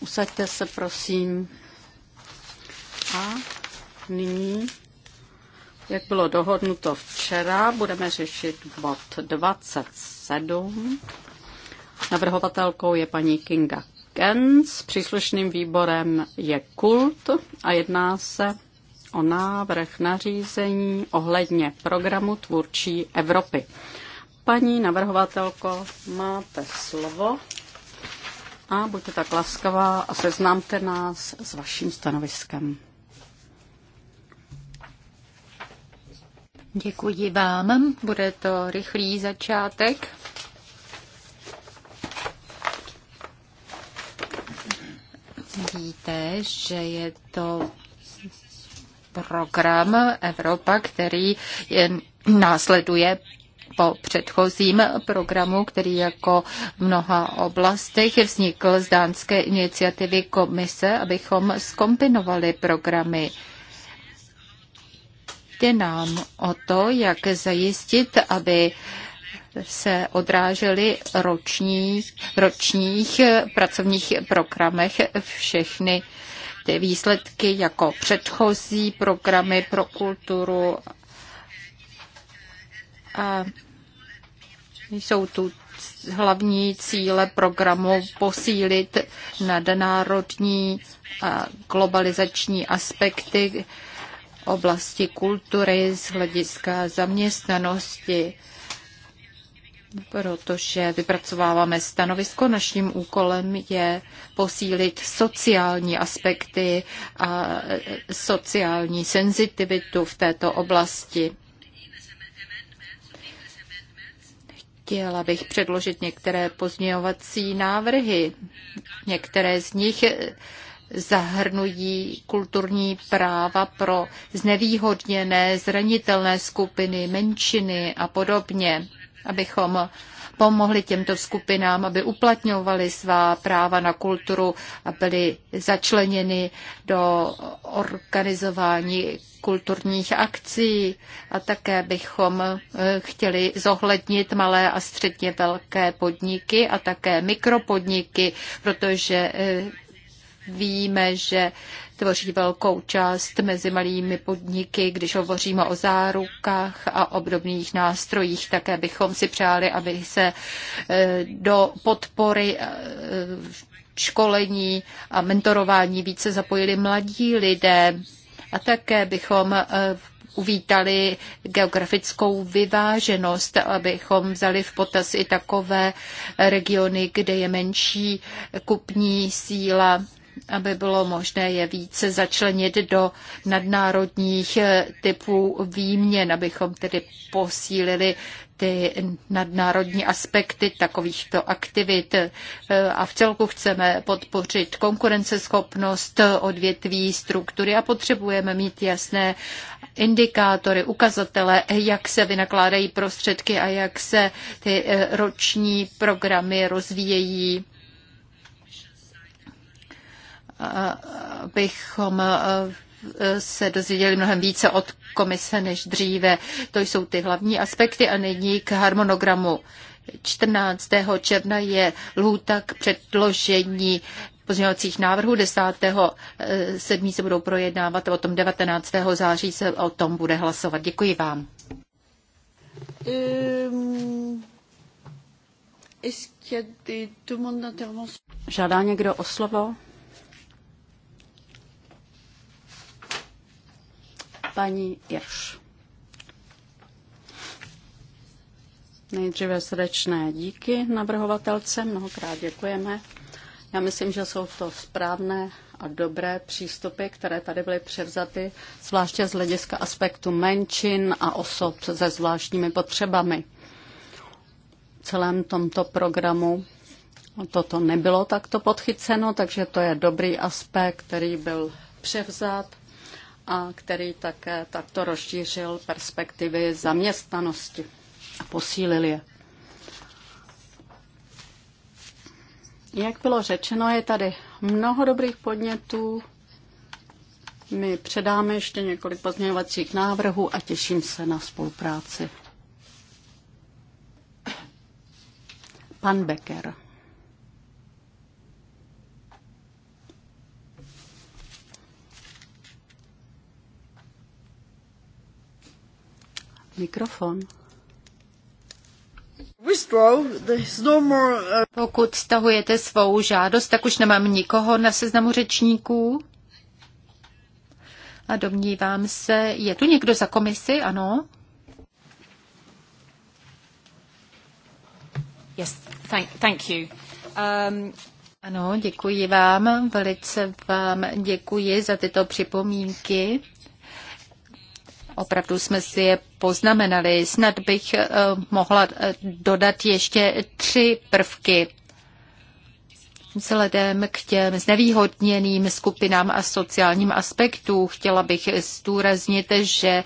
Usaďte se, prosím. A nyní, jak bylo dohodnuto včera, budeme řešit bod 27. Navrhovatelkou je paní Kinga Kens, příslušným výborem je Kult a jedná se o návrh nařízení ohledně programu Tvůrčí Evropy. Paní navrhovatelko, máte slovo a buďte tak laskavá a seznámte nás s vaším stanoviskem. Děkuji vám. Bude to rychlý začátek. Víte, že je to program Evropa, který je, následuje po předchozím programu, který jako v mnoha oblastech vznikl z dánské iniciativy komise, abychom skombinovali programy. Jde nám o to, jak zajistit, aby se odrážely roční, ročních pracovních programech všechny ty výsledky jako předchozí programy pro kulturu a jsou tu hlavní cíle programu posílit nadnárodní a globalizační aspekty oblasti kultury z hlediska zaměstnanosti, protože vypracováváme stanovisko. Naším úkolem je posílit sociální aspekty a sociální senzitivitu v této oblasti. Chtěla bych předložit některé pozměňovací návrhy. Některé z nich zahrnují kulturní práva pro znevýhodněné, zranitelné skupiny, menšiny a podobně, abychom pomohli těmto skupinám, aby uplatňovali svá práva na kulturu a byli začleněni do organizování kulturních akcí a také bychom eh, chtěli zohlednit malé a středně velké podniky a také mikropodniky, protože eh, víme, že tvoří velkou část mezi malými podniky, když hovoříme o zárukách a obdobných nástrojích. Také bychom si přáli, aby se e, do podpory e, školení a mentorování více zapojili mladí lidé. A také bychom e, uvítali geografickou vyváženost, abychom vzali v potaz i takové regiony, kde je menší kupní síla aby bylo možné je více začlenit do nadnárodních eh, typů výměn, abychom tedy posílili ty nadnárodní aspekty takovýchto aktivit eh, a v celku chceme podpořit konkurenceschopnost odvětví, struktury a potřebujeme mít jasné indikátory, ukazatele, jak se vynakládají prostředky a jak se ty eh, roční programy rozvíjejí abychom eh, se dozvěděli mnohem více od komise než dříve. To jsou ty hlavní aspekty a nyní k harmonogramu. 14. června je lhůta k předložení pozměňovacích návrhů. 10. 7. Eh, se budou projednávat a o tom 19. září se o tom bude hlasovat. Děkuji vám. Ehm, Žádá někdo o slovo? paní Irš. Nejdříve srdečné díky navrhovatelce, mnohokrát děkujeme. Já myslím, že jsou to správné a dobré přístupy, které tady byly převzaty, zvláště z hlediska aspektu menšin a osob se zvláštními potřebami. V celém tomto programu toto nebylo takto podchyceno, takže to je dobrý aspekt, který byl převzat a který také takto rozšířil perspektivy zaměstnanosti a posílil je. Jak bylo řečeno, je tady mnoho dobrých podnětů. My předáme ještě několik pozměňovacích návrhů a těším se na spolupráci. Pan Becker. Mikrofon. No uh, Pokud stahujete svou žádost, tak už nemám nikoho na seznamu řečníků. A domnívám se, je tu někdo za komisi? Ano. Yes, thank, thank you. Um, ano, děkuji vám, velice vám děkuji za tyto připomínky. Opravdu jsme si je poznamenali. Snad bych eh, mohla eh, dodat ještě tři prvky vzhledem k těm znevýhodněným skupinám a sociálním aspektů. Chtěla bych zdůraznit, že eh,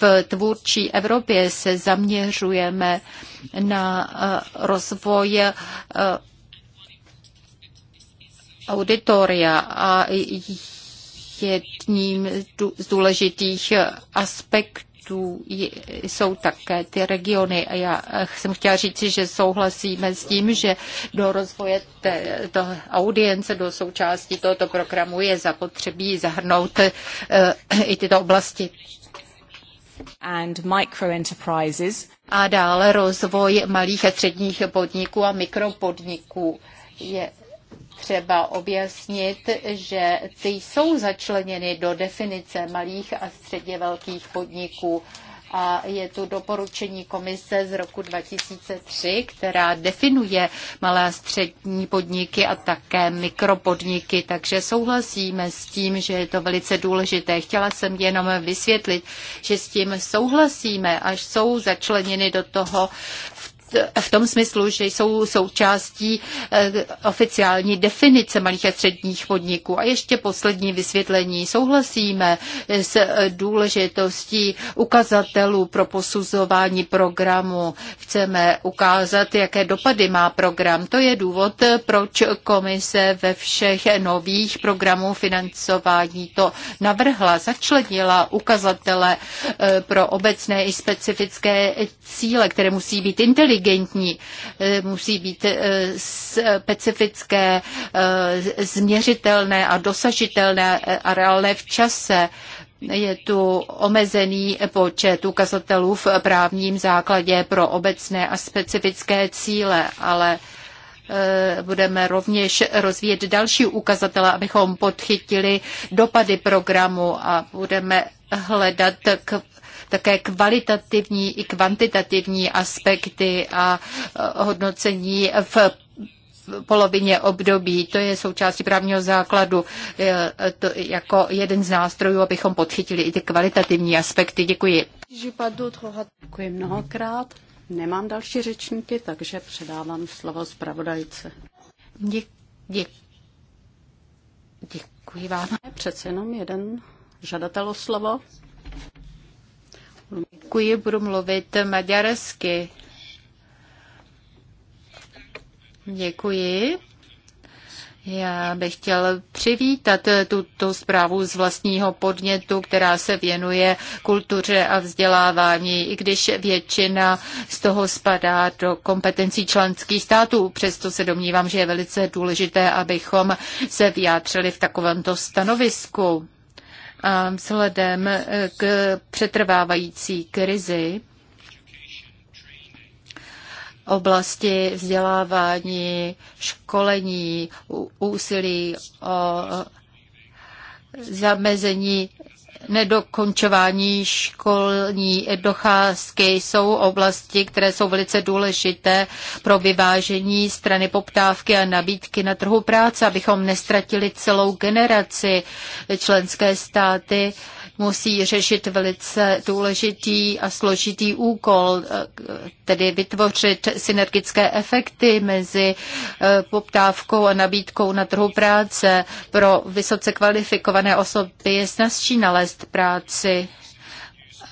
v tvůrčí Evropě se zaměřujeme na rozvoj auditoria a jedním z důležitých aspektů jsou také ty regiony. A já eh, jsem chtěla říci, že souhlasíme s tím, že do rozvoje této audience, do součástí tohoto programu je zapotřebí zahrnout eh, i tyto oblasti and enterprises. A dále rozvoj malých a středních podniků a mikropodniků je třeba objasnit, že ty jsou začleněny do definice malých a středně velkých podniků. A je tu doporučení komise z roku 2003, která definuje malé a střední podniky a také mikropodniky, takže souhlasíme s tím, že je to velice důležité. Chtěla jsem jenom vysvětlit, že s tím souhlasíme, až jsou začleněny do toho v v tom smyslu, že jsou součástí eh, oficiální definice malých a středních podniků. A ještě poslední vysvětlení. Souhlasíme s eh, důležitostí ukazatelů pro posuzování programu. Chceme ukázat, jaké dopady má program. To je důvod, proč komise ve všech nových programů financování to navrhla, začlenila ukazatele eh, pro obecné i specifické cíle, které musí být inteligentní inteligentní, eh, musí být eh, specifické, eh, změřitelné a dosažitelné a reálné v čase. Je tu omezený počet ukazatelů v právním základě pro obecné a specifické cíle, ale budeme rovněž rozvíjet další ukazatele, abychom podchytili dopady programu a budeme hledat k také kvalitativní i kvantitativní aspekty a hodnocení v polovině období. To je součástí právního základu to jako jeden z nástrojů, abychom podchytili i ty kvalitativní aspekty. Děkuji. Děkuji mnohokrát. Nemám další řečníky, takže předávám slovo zpravodajce. Dě, dě, děkuji vám. Přece jenom jeden žadatel o slovo. Děkuji, budu mluvit maďarsky. Děkuji. Já bych chtěl přivítat tuto zprávu z vlastního podnětu, která se věnuje kultuře a vzdělávání, i když většina z toho spadá do kompetencí členských států. Přesto se domnívám, že je velice důležité, abychom se vyjádřili v takovémto stanovisku vzhledem eh, k přetrvávající krizi oblasti vzdělávání, školení, úsilí o zamezení nedokončování školní docházky jsou oblasti, které jsou velice důležité pro vyvážení strany poptávky a nabídky na trhu práce, abychom nestratili celou generaci členské státy musí řešit velice důležitý a složitý úkol, tedy vytvořit synergické efekty mezi eh, poptávkou a nabídkou na trhu práce. Pro vysoce kvalifikované osoby je snazší nalézt nalézt práci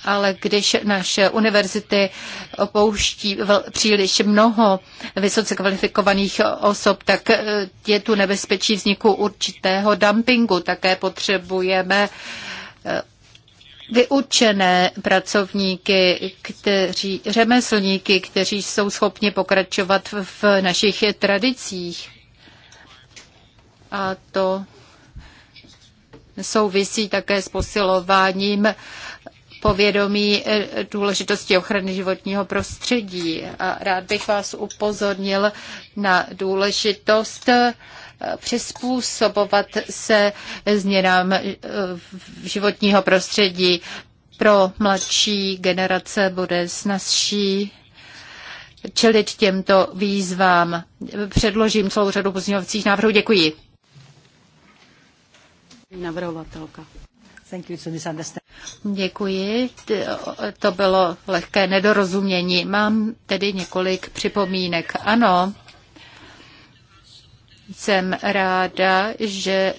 ale když naše univerzity opouští příliš mnoho vysoce kvalifikovaných osob, tak eh, je tu nebezpečí vzniku určitého dumpingu. Také potřebujeme eh, vyučené pracovníky, kteří, řemeslníky, kteří jsou schopni pokračovat v našich tradicích. A to souvisí také s posilováním povědomí eh, důležitosti ochrany životního prostředí. A rád bych vás upozornil na důležitost eh, přizpůsobovat se změnám eh, životního prostředí. Pro mladší generace bude snazší čelit těmto výzvám. Předložím celou řadu pozměňovacích návrhů. Děkuji. Navrhovatelka. Děkuji, to bylo lehké nedorozumění. Mám tedy několik připomínek. Ano, jsem ráda, že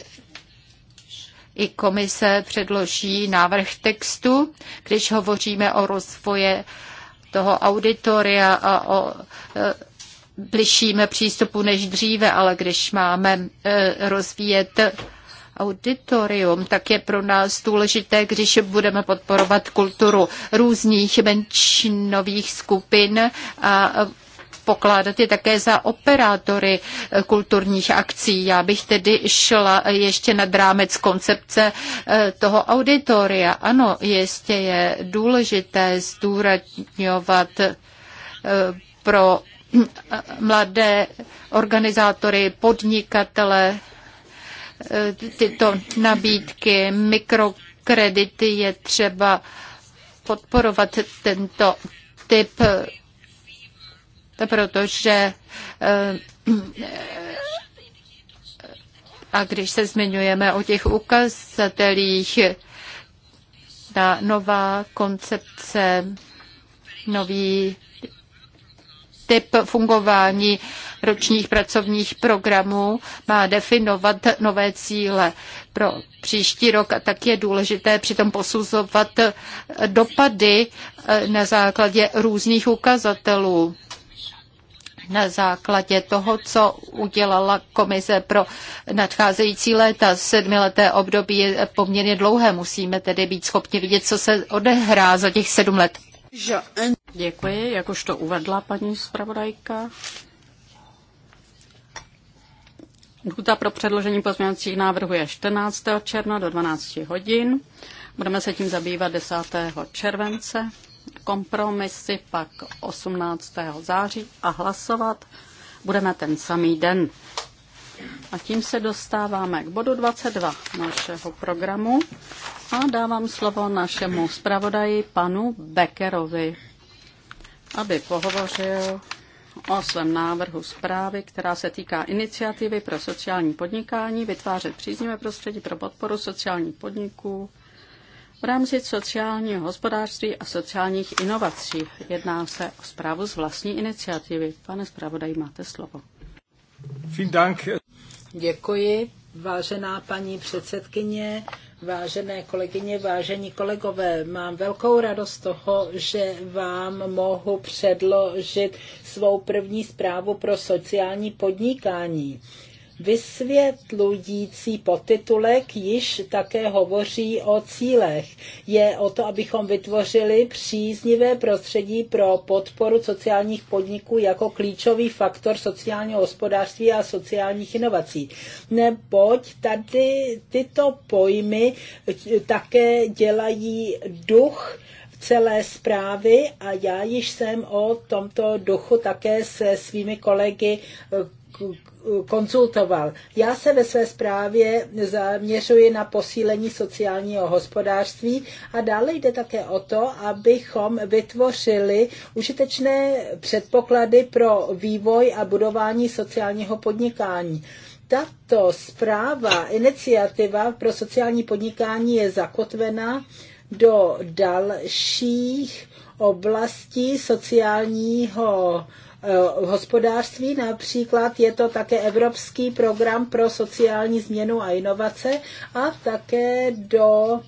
i komise předloží návrh textu, když hovoříme o rozvoje toho auditoria a o e, bližším přístupu než dříve, ale když máme e, rozvíjet auditorium, tak je pro nás důležité, když budeme podporovat kulturu různých menšinových skupin a pokládat je také za operátory kulturních akcí. Já bych tedy šla ještě nad rámec koncepce eh, toho auditoria. Ano, jistě je důležité zdůrazňovat eh, pro mladé organizátory, podnikatele, Eh, tyto nabídky, mikrokredity je třeba podporovat tento typ, eh, protože eh, a když se zmiňujeme o těch ukazatelích, ta nová koncepce, nový typ fungování ročních pracovních programů má definovat nové cíle pro příští rok a tak je důležité přitom posuzovat dopady eh, na základě různých ukazatelů. Na základě toho, co udělala Komise pro nadcházející léta, sedmileté období je poměrně dlouhé, musíme tedy být schopni vidět, co se odehrá za těch sedm let. Děkuji, jak už to uvedla paní zpravodajka. Lhuta pro předložení pozměňovacích návrhů je 14. června do 12 hodin. Budeme se tím zabývat 10. července. Kompromisy pak 18. září a hlasovat budeme ten samý den. A tím se dostáváme k bodu 22 našeho programu a dávám slovo našemu zpravodaji panu Beckerovi, aby pohovořil o svém návrhu zprávy, která se týká iniciativy pro sociální podnikání, vytvářet příznivé prostředí pro podporu sociálních podniků v rámci sociálního hospodářství a sociálních inovací. Jedná se o zprávu z vlastní iniciativy. Pane zpravodaji, máte slovo. Děkuji, vážená paní předsedkyně, vážené kolegyně, vážení kolegové. Mám velkou radost toho, že vám mohu předložit svou první zprávu pro sociální podnikání. Vysvětlující podtitulek již také hovoří o cílech. Je o to, abychom vytvořili příznivé prostředí pro podporu sociálních podniků jako klíčový faktor sociálního hospodářství a sociálních inovací. Neboť tady tyto pojmy také dělají duch celé zprávy a já již jsem o tomto duchu také se svými kolegy konzultoval. Já se ve své zprávě zaměřuji na posílení sociálního hospodářství a dále jde také o to, abychom vytvořili užitečné předpoklady pro vývoj a budování sociálního podnikání tato zpráva, iniciativa pro sociální podnikání je zakotvena do dalších oblastí sociálního Eh, hospodářství. Například je to také Evropský program pro sociální změnu a inovace a také do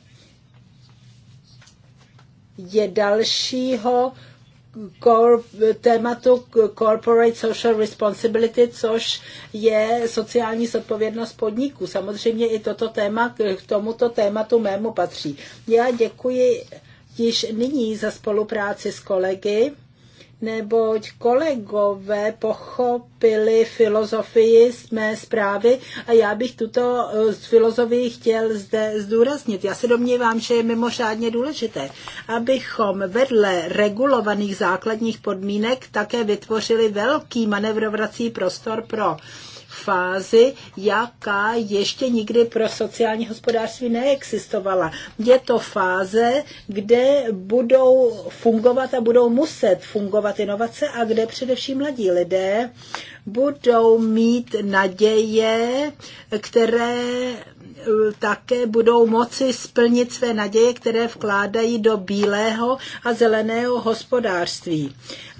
je dalšího tématu Corporate Social Responsibility, což je sociální zodpovědnost podniků. Samozřejmě i toto téma k tomuto tématu mému patří. Já děkuji již nyní za spolupráci s kolegy neboť kolegové pochopili filozofii z mé zprávy a já bych tuto eh, filozofii chtěl zde zdůraznit. Já se domnívám, že je mimořádně důležité, abychom vedle regulovaných základních podmínek také vytvořili velký manevrovací prostor pro fázi, jaká ještě nikdy pro sociální hospodářství neexistovala. Je to fáze, kde budou fungovat a budou muset fungovat inovace a kde především mladí lidé budou mít naděje, které eh, také budou moci splnit své naděje, které vkládají do bílého a zeleného hospodářství.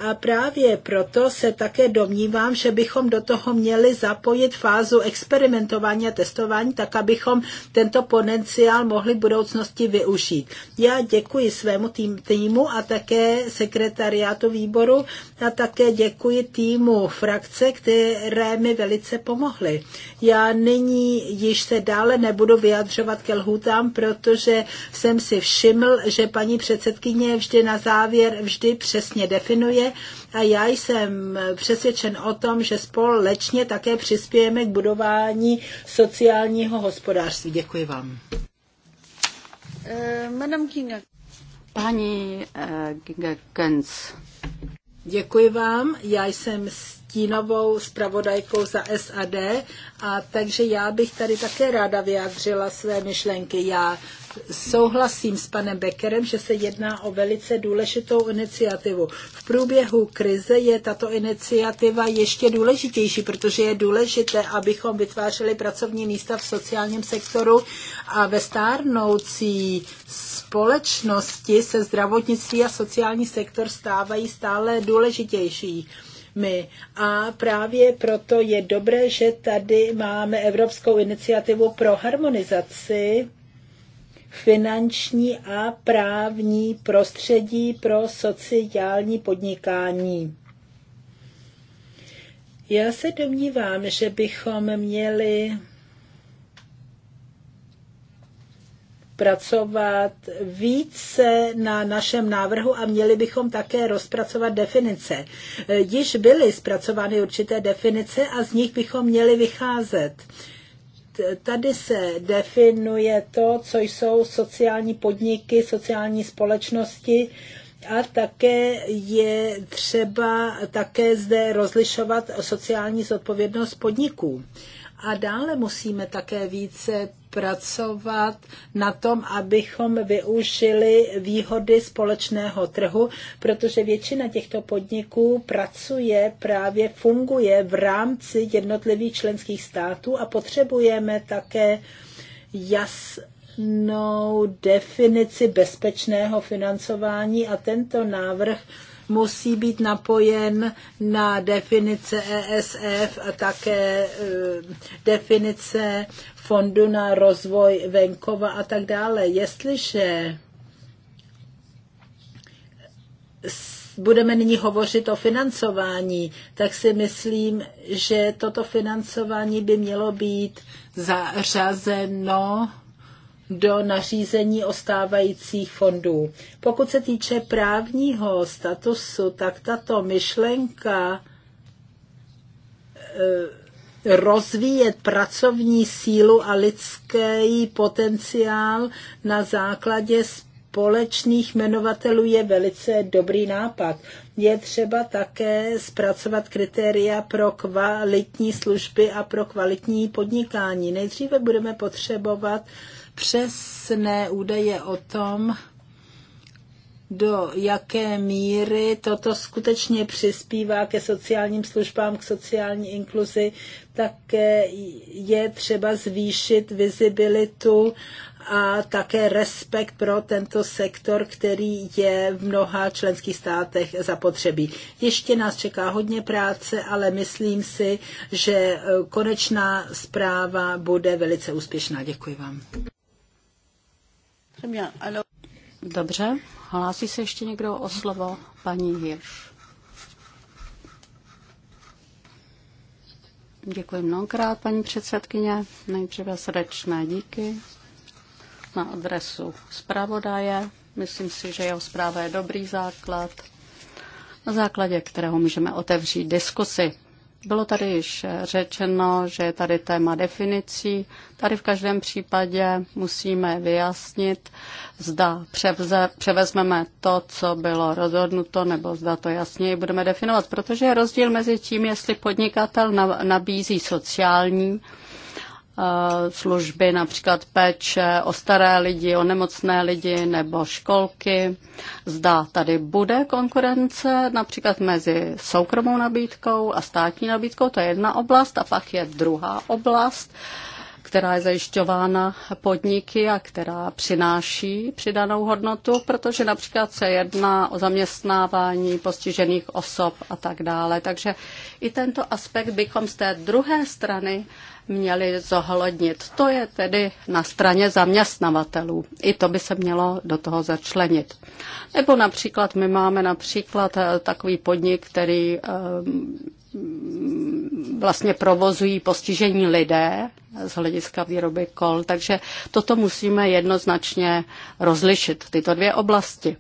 A právě proto se také domnívám, že bychom do toho měli zapojit fázu experimentování a testování, tak abychom tento potenciál mohli v budoucnosti využít. Já děkuji svému tým, týmu a také sekretariátu výboru a také děkuji týmu frakce, které mi velice pomohly. Já nyní již se dále nebudu vyjadřovat ke lhůtám, protože jsem si všiml, že paní předsedkyně vždy na závěr vždy přesně definuje a já jsem přesvědčen o tom, že společně také přispějeme k budování sociálního hospodářství. Děkuji vám. Eh, Kinga. Paní eh, Gens. Děkuji vám. Já jsem s stínovou zpravodajkou za SAD, a takže já bych tady také ráda vyjádřila své myšlenky. Já souhlasím s panem Beckerem, že se jedná o velice důležitou iniciativu. V průběhu krize je tato iniciativa ještě důležitější, protože je důležité, abychom vytvářeli pracovní místa v sociálním sektoru a ve stárnoucí společnosti se zdravotnictví a sociální sektor stávají stále důležitější my. A právě proto je dobré, že tady máme Evropskou iniciativu pro harmonizaci finanční a právní prostředí pro sociální podnikání. Já se domnívám, že bychom měli pracovat více na našem návrhu a měli bychom také rozpracovat definice. E, již byly zpracovány určité definice a z nich bychom měli vycházet. Tady se definuje to, co jsou sociální podniky, sociální společnosti, a také je třeba také zde rozlišovat sociální zodpovědnost podniků. A dále musíme také více pracovat na tom, abychom využili výhody společného trhu, protože většina těchto podniků pracuje, právě funguje v rámci jednotlivých členských států a potřebujeme také jasnou definici bezpečného financování a tento návrh musí být napojen na definice ESF a také eh, definice Fondu na rozvoj venkova a tak dále. Jestliže budeme nyní hovořit o financování, tak si myslím, že toto financování by mělo být zařazeno do nařízení o stávajících fondů. Pokud se týče právního statusu, tak tato myšlenka eh, rozvíjet pracovní sílu a lidský potenciál na základě společných jmenovatelů je velice dobrý nápad. Je třeba také zpracovat kritéria pro kvalitní služby a pro kvalitní podnikání. Nejdříve budeme potřebovat uh, přesné údaje o tom, do jaké míry toto skutečně přispívá ke sociálním službám, k sociální inkluzi, tak je třeba zvýšit vizibilitu a také respekt pro tento sektor, který je v mnoha členských státech zapotřebí. Ještě nás čeká hodně práce, ale myslím si, že konečná zpráva bude velice úspěšná. Děkuji vám. Dobře, hlásí se ještě někdo o slovo paní Hirš. Děkuji mnohokrát, paní předsedkyně. Nejdříve srdečné díky na adresu zpravodaje. Myslím si, že jeho zpráva je dobrý základ, na základě kterého můžeme otevřít diskusy. Bylo tady již řečeno, že je tady téma definicí. Tady v každém případě musíme vyjasnit, zda převze, převezmeme to, co bylo rozhodnuto, nebo zda to jasněji budeme definovat, protože je rozdíl mezi tím, jestli podnikatel nabízí sociální Eh, služby, například péče o staré lidi, o nemocné lidi nebo školky. Zda tady bude konkurence například mezi soukromou nabídkou a státní nabídkou, to je jedna oblast, a pak je druhá oblast, která je zajišťována podniky a která přináší přidanou hodnotu, protože například se jedná o zaměstnávání postižených osob a tak dále. Takže i tento aspekt bychom z té druhé strany měli zohlednit. To je tedy na straně zaměstnavatelů. I to by se mělo do toho začlenit. Nebo například my máme například eh, takový podnik, který eh, vlastně provozují postižení lidé z hlediska výroby kol, takže toto musíme jednoznačně rozlišit, tyto dvě oblasti.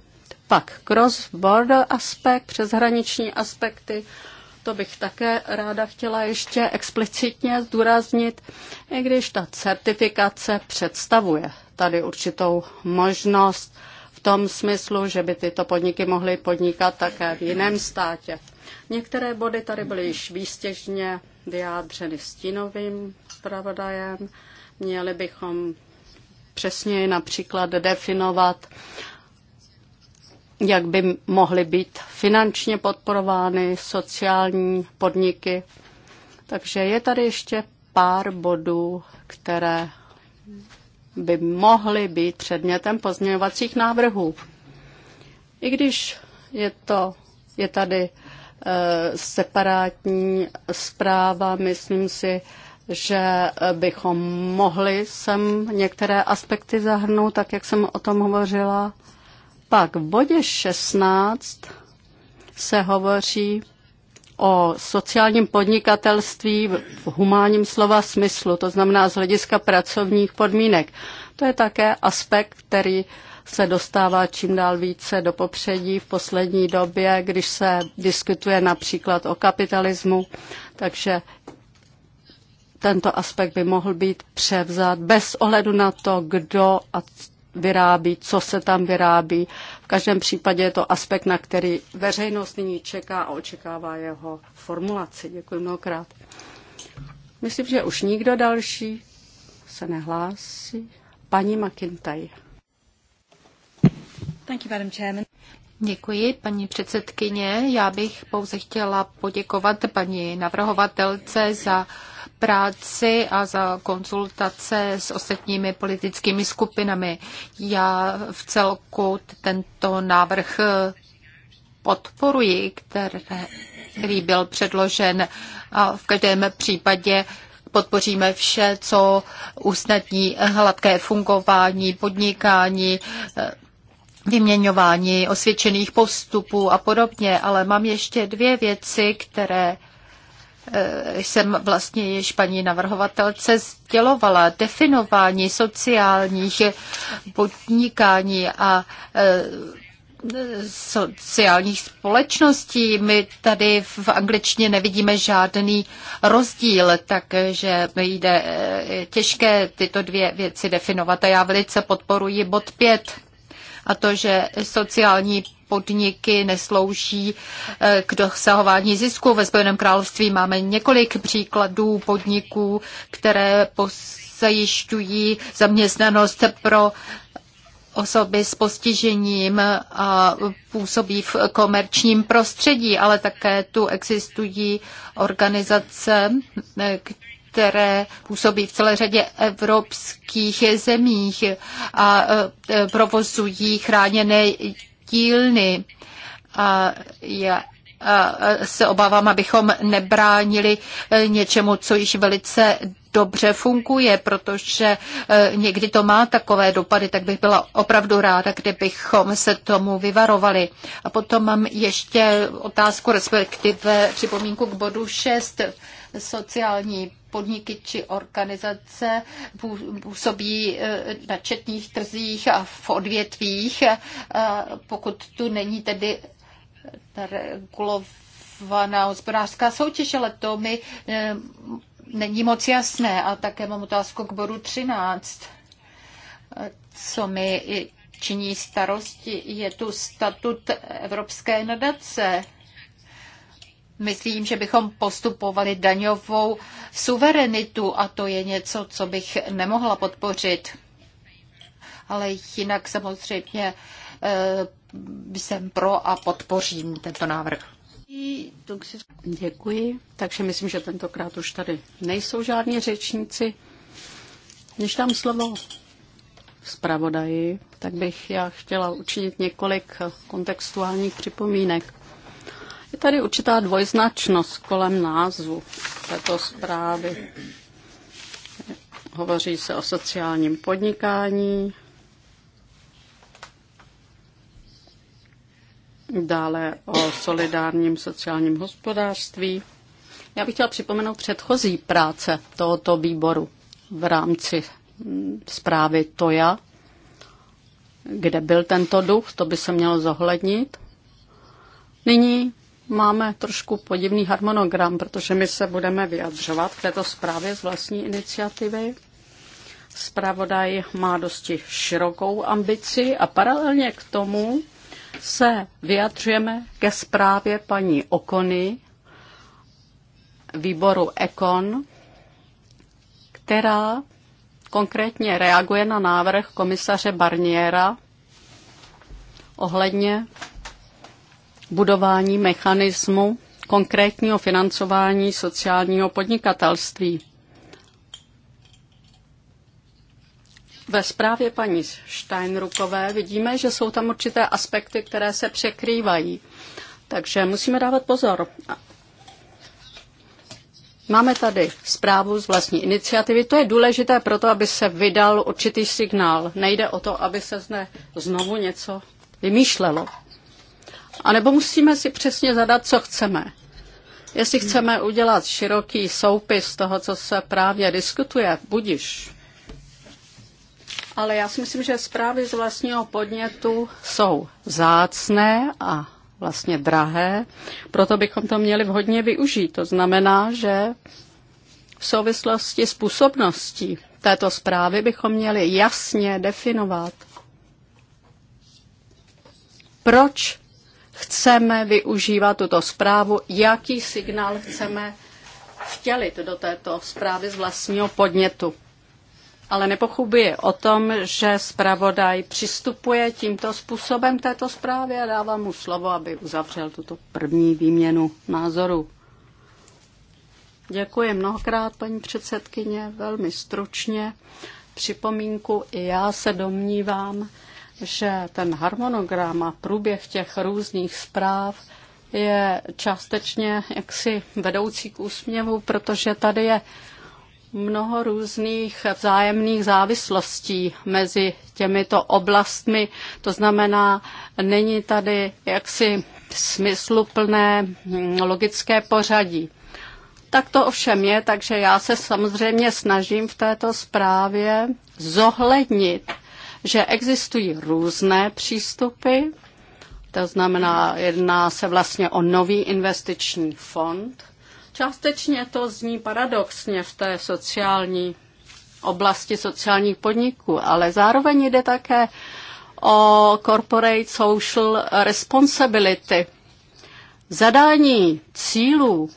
Pak cross-border aspekt, přeshraniční aspekty, to bych také ráda chtěla ještě explicitně zdůraznit, i když ta certifikace představuje tady určitou možnost v tom smyslu, že by tyto podniky mohly podnikat také v jiném státě. Některé body tady byly již výstěžně vyjádřeny stínovým zpravodajem. Měli bychom přesněji například definovat jak by mohly být finančně podporovány sociální podniky. Takže je tady ještě pár bodů, které by mohly být předmětem pozměňovacích návrhů. I když je, to, je tady e, separátní zpráva, myslím si, že e, bychom mohli sem některé aspekty zahrnout, tak jak jsem o tom hovořila pak v bodě 16 se hovoří o sociálním podnikatelství v humánním slova smyslu, to znamená z hlediska pracovních podmínek. To je také aspekt, který se dostává čím dál více do popředí v poslední době, když se diskutuje například o kapitalismu. Takže tento aspekt by mohl být převzat bez ohledu na to, kdo a vyrábí, co se tam vyrábí. V každém případě je to aspekt, na který veřejnost nyní čeká a očekává jeho formulaci. Děkuji mnohokrát. Myslím, že už nikdo další se nehlásí. Paní McIntaj. Thank you, Madam Chairman. Děkuji, paní předsedkyně. Já bych pouze chtěla poděkovat paní navrhovatelce za uh, práci a za konzultace s ostatními politickými skupinami. Já v celku tento návrh podporuji, který byl předložen a v každém případě podpoříme vše, co usnadní hladké fungování, podnikání, vyměňování osvědčených postupů a podobně, ale mám ještě dvě věci, které Eh, jsem vlastně již paní navrhovatelce sdělovala definování sociálních podnikání a eh, sociálních společností. My tady v angličtině nevidíme žádný rozdíl, takže jde eh, těžké tyto dvě věci definovat. A já velice podporuji bod 5 a to, že sociální podniky neslouží eh, k dosahování zisku. Ve Spojeném království máme několik příkladů podniků, které zajišťují zaměstnanost pro osoby s postižením a působí v komerčním prostředí, ale také tu existují organizace, které působí v celé řadě evropských zemích a eh, provozují chráněné dílny. A já se obávám, abychom nebránili e, něčemu, co již velice dobře funguje, protože e, někdy to má takové dopady, tak bych byla opravdu ráda, kdybychom se tomu vyvarovali. A potom mám ještě otázku, respektive připomínku k bodu 6, sociální podniky či organizace působí e, na četních trzích a v odvětvích. E, pokud tu není tedy regulovaná hospodářská soutěž, ale to mi e, není moc jasné. A také mám otázku k bodu 13. Co mi činí starosti, je tu statut Evropské nadace Myslím, že bychom postupovali daňovou suverenitu a to je něco, co bych nemohla podpořit. Ale jinak samozřejmě eh, jsem pro a podpořím tento návrh. Děkuji. Takže myslím, že tentokrát už tady nejsou žádní řečníci. Než dám slovo zpravodaji, tak bych já chtěla učinit několik kontextuálních připomínek. Je tady určitá dvojznačnost kolem názvu této zprávy. Hovoří se o sociálním podnikání, dále o solidárním sociálním hospodářství. Já bych chtěla připomenout předchozí práce tohoto výboru v rámci zprávy TOJA, kde byl tento duch, to by se mělo zohlednit. Nyní máme trošku podivný harmonogram, protože my se budeme vyjadřovat k této zprávě z vlastní iniciativy. Spravodaj má dosti širokou ambici a paralelně k tomu se vyjadřujeme ke zprávě paní Okony výboru Ekon, která konkrétně reaguje na návrh komisaře Barniera ohledně budování mechanismu konkrétního financování sociálního podnikatelství. Ve zprávě paní Steinrukové vidíme, že jsou tam určité aspekty, které se překrývají. Takže musíme dávat pozor. Máme tady zprávu z vlastní iniciativy. To je důležité proto, aby se vydal určitý signál. Nejde o to, aby se zde znovu něco vymýšlelo. A nebo musíme si přesně zadat, co chceme. Jestli chceme udělat široký soupis toho, co se právě diskutuje, budiš. Ale já si myslím, že zprávy z vlastního podnětu jsou zácné a vlastně drahé, proto bychom to měli vhodně využít. To znamená, že v souvislosti s působností této zprávy bychom měli jasně definovat, proč chceme využívat tuto zprávu, jaký signál chceme vtělit do této zprávy z vlastního podnětu. Ale nepochybuji o tom, že zpravodaj přistupuje tímto způsobem této zprávě a dávám mu slovo, aby uzavřel tuto první výměnu názorů. Děkuji mnohokrát, paní předsedkyně, velmi stručně. Připomínku i já se domnívám, že ten harmonogram a průběh těch různých zpráv je částečně jaksi vedoucí k úsměvu, protože tady je mnoho různých vzájemných závislostí mezi těmito oblastmi. To znamená, není tady jaksi smysluplné hm, logické pořadí. Tak to ovšem je, takže já se samozřejmě snažím v této zprávě zohlednit že existují různé přístupy, to znamená, jedná se vlastně o nový investiční fond. Částečně to zní paradoxně v té sociální oblasti sociálních podniků, ale zároveň jde také o corporate social responsibility. Zadání cílů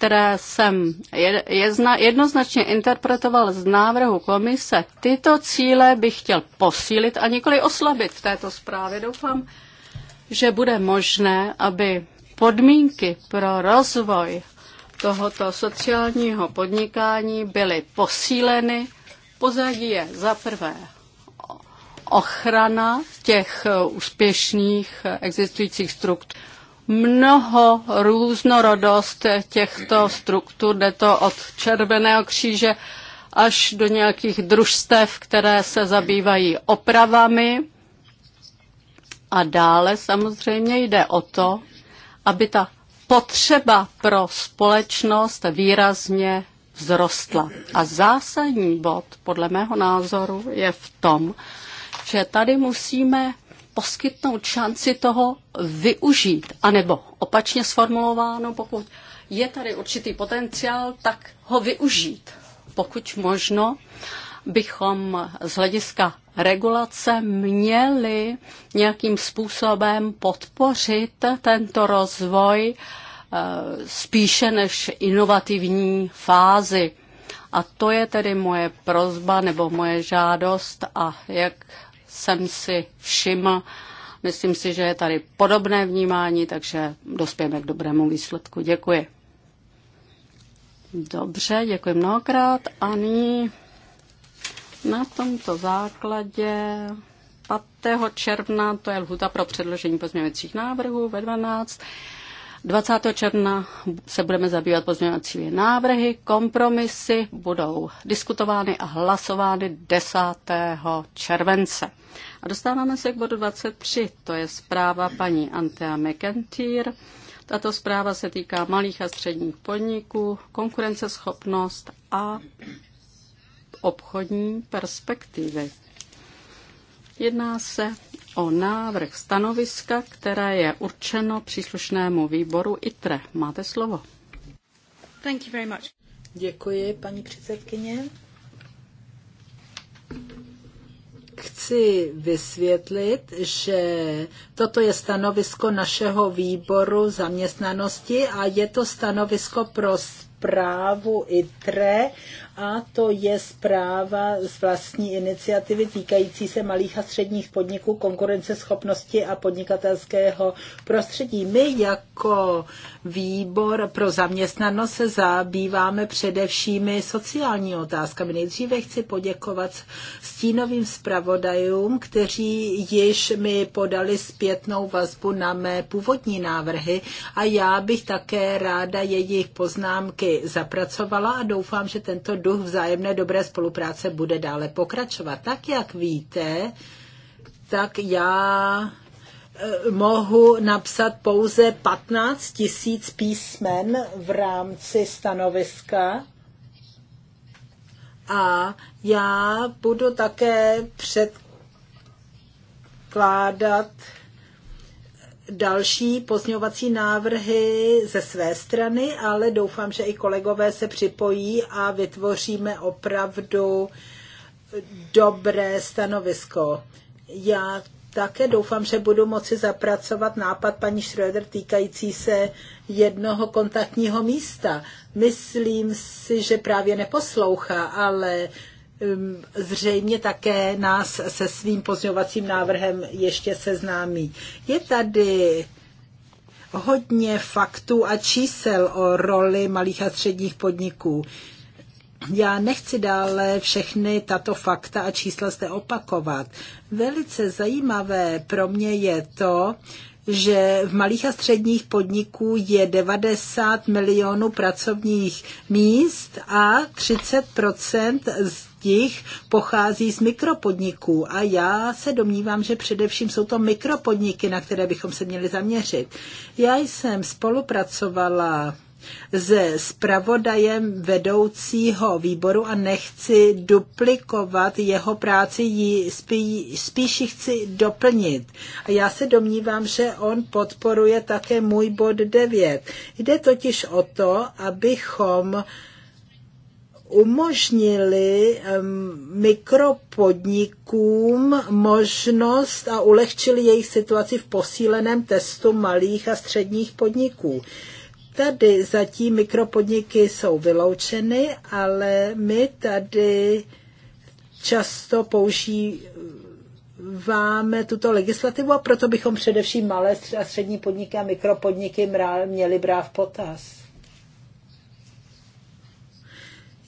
které jsem jednoznačně interpretoval z návrhu komise, tyto cíle bych chtěl posílit a nikoli oslabit v této zprávě. Doufám, že bude možné, aby podmínky pro rozvoj tohoto sociálního podnikání byly posíleny. Pozadí je za prvé ochrana těch úspěšných existujících struktur mnoho různorodost těchto struktur, jde to od Červeného kříže až do nějakých družstev, které se zabývají opravami. A dále samozřejmě jde o to, aby ta potřeba pro společnost výrazně vzrostla. A zásadní bod, podle mého názoru, je v tom, že tady musíme poskytnout šanci toho využít. A nebo opačně sformulováno, pokud je tady určitý potenciál, tak ho využít. Pokud možno bychom z hlediska regulace měli nějakým způsobem podpořit tento rozvoj eh, spíše než inovativní fázi. A to je tedy moje prozba nebo moje žádost a jak jsem si všiml. Myslím si, že je tady podobné vnímání, takže dospějeme k dobrému výsledku. Děkuji. Dobře, děkuji mnohokrát. A nyní na tomto základě 5. června, to je lhuta pro předložení pozměňovacích návrhů ve 12. 20. června se budeme zabývat pozměňovacími návrhy, kompromisy budou diskutovány a hlasovány 10. července. A dostáváme se k bodu 23, to je zpráva paní Antea McEntýr. Tato zpráva se týká malých a středních podniků, konkurenceschopnost a obchodní perspektivy. Jedná se o návrh stanoviska, které je určeno příslušnému výboru ITRE. Máte slovo. Thank you very much. Děkuji, paní předsedkyně. Chci vysvětlit, že toto je stanovisko našeho výboru zaměstnanosti a je to stanovisko pro zprávu ITRE a to je zpráva z vlastní iniciativy týkající se malých a středních podniků, konkurenceschopnosti a podnikatelského prostředí. My jako výbor pro zaměstnanost se zabýváme především sociální otázkami. Nejdříve chci poděkovat stínovým zpravodajům, kteří již mi podali zpětnou vazbu na mé původní návrhy a já bych také ráda jejich poznámky zapracovala a doufám, že tento duch vzájemné dobré spolupráce bude dále pokračovat. Tak, jak víte, tak já eh, mohu napsat pouze 15 tisíc písmen v rámci stanoviska a já budu také předkládat další pozňovací návrhy ze své strany, ale doufám, že i kolegové se připojí a vytvoříme opravdu dobré stanovisko. Já také doufám, že budu moci zapracovat nápad paní Schröder týkající se jednoho kontaktního místa. Myslím si, že právě neposlouchá, ale Ehm, zřejmě také nás se svým pozňovacím návrhem ještě seznámí. Je tady hodně faktů a čísel o roli malých a středních podniků. Já nechci dále všechny tato fakta a čísla zde opakovat. Velice zajímavé pro mě je to, že v malých a středních podniků je 90 milionů pracovních míst a 30 z jich pochází z mikropodniků a já se domnívám, že především jsou to mikropodniky, na které bychom se měli zaměřit. Já jsem spolupracovala se spravodajem vedoucího výboru a nechci duplikovat jeho práci, ji spí, spíš ji chci doplnit. A já se domnívám, že on podporuje také můj bod 9. Jde totiž o to, abychom uh, umožnili mikropodnikům možnost a ulehčili jejich situaci v posíleném testu malých a středních podniků. Tady zatím mikropodniky jsou vyloučeny, ale my tady často používáme tuto legislativu a proto bychom především malé a střední podniky a mikropodniky měli brát v potaz.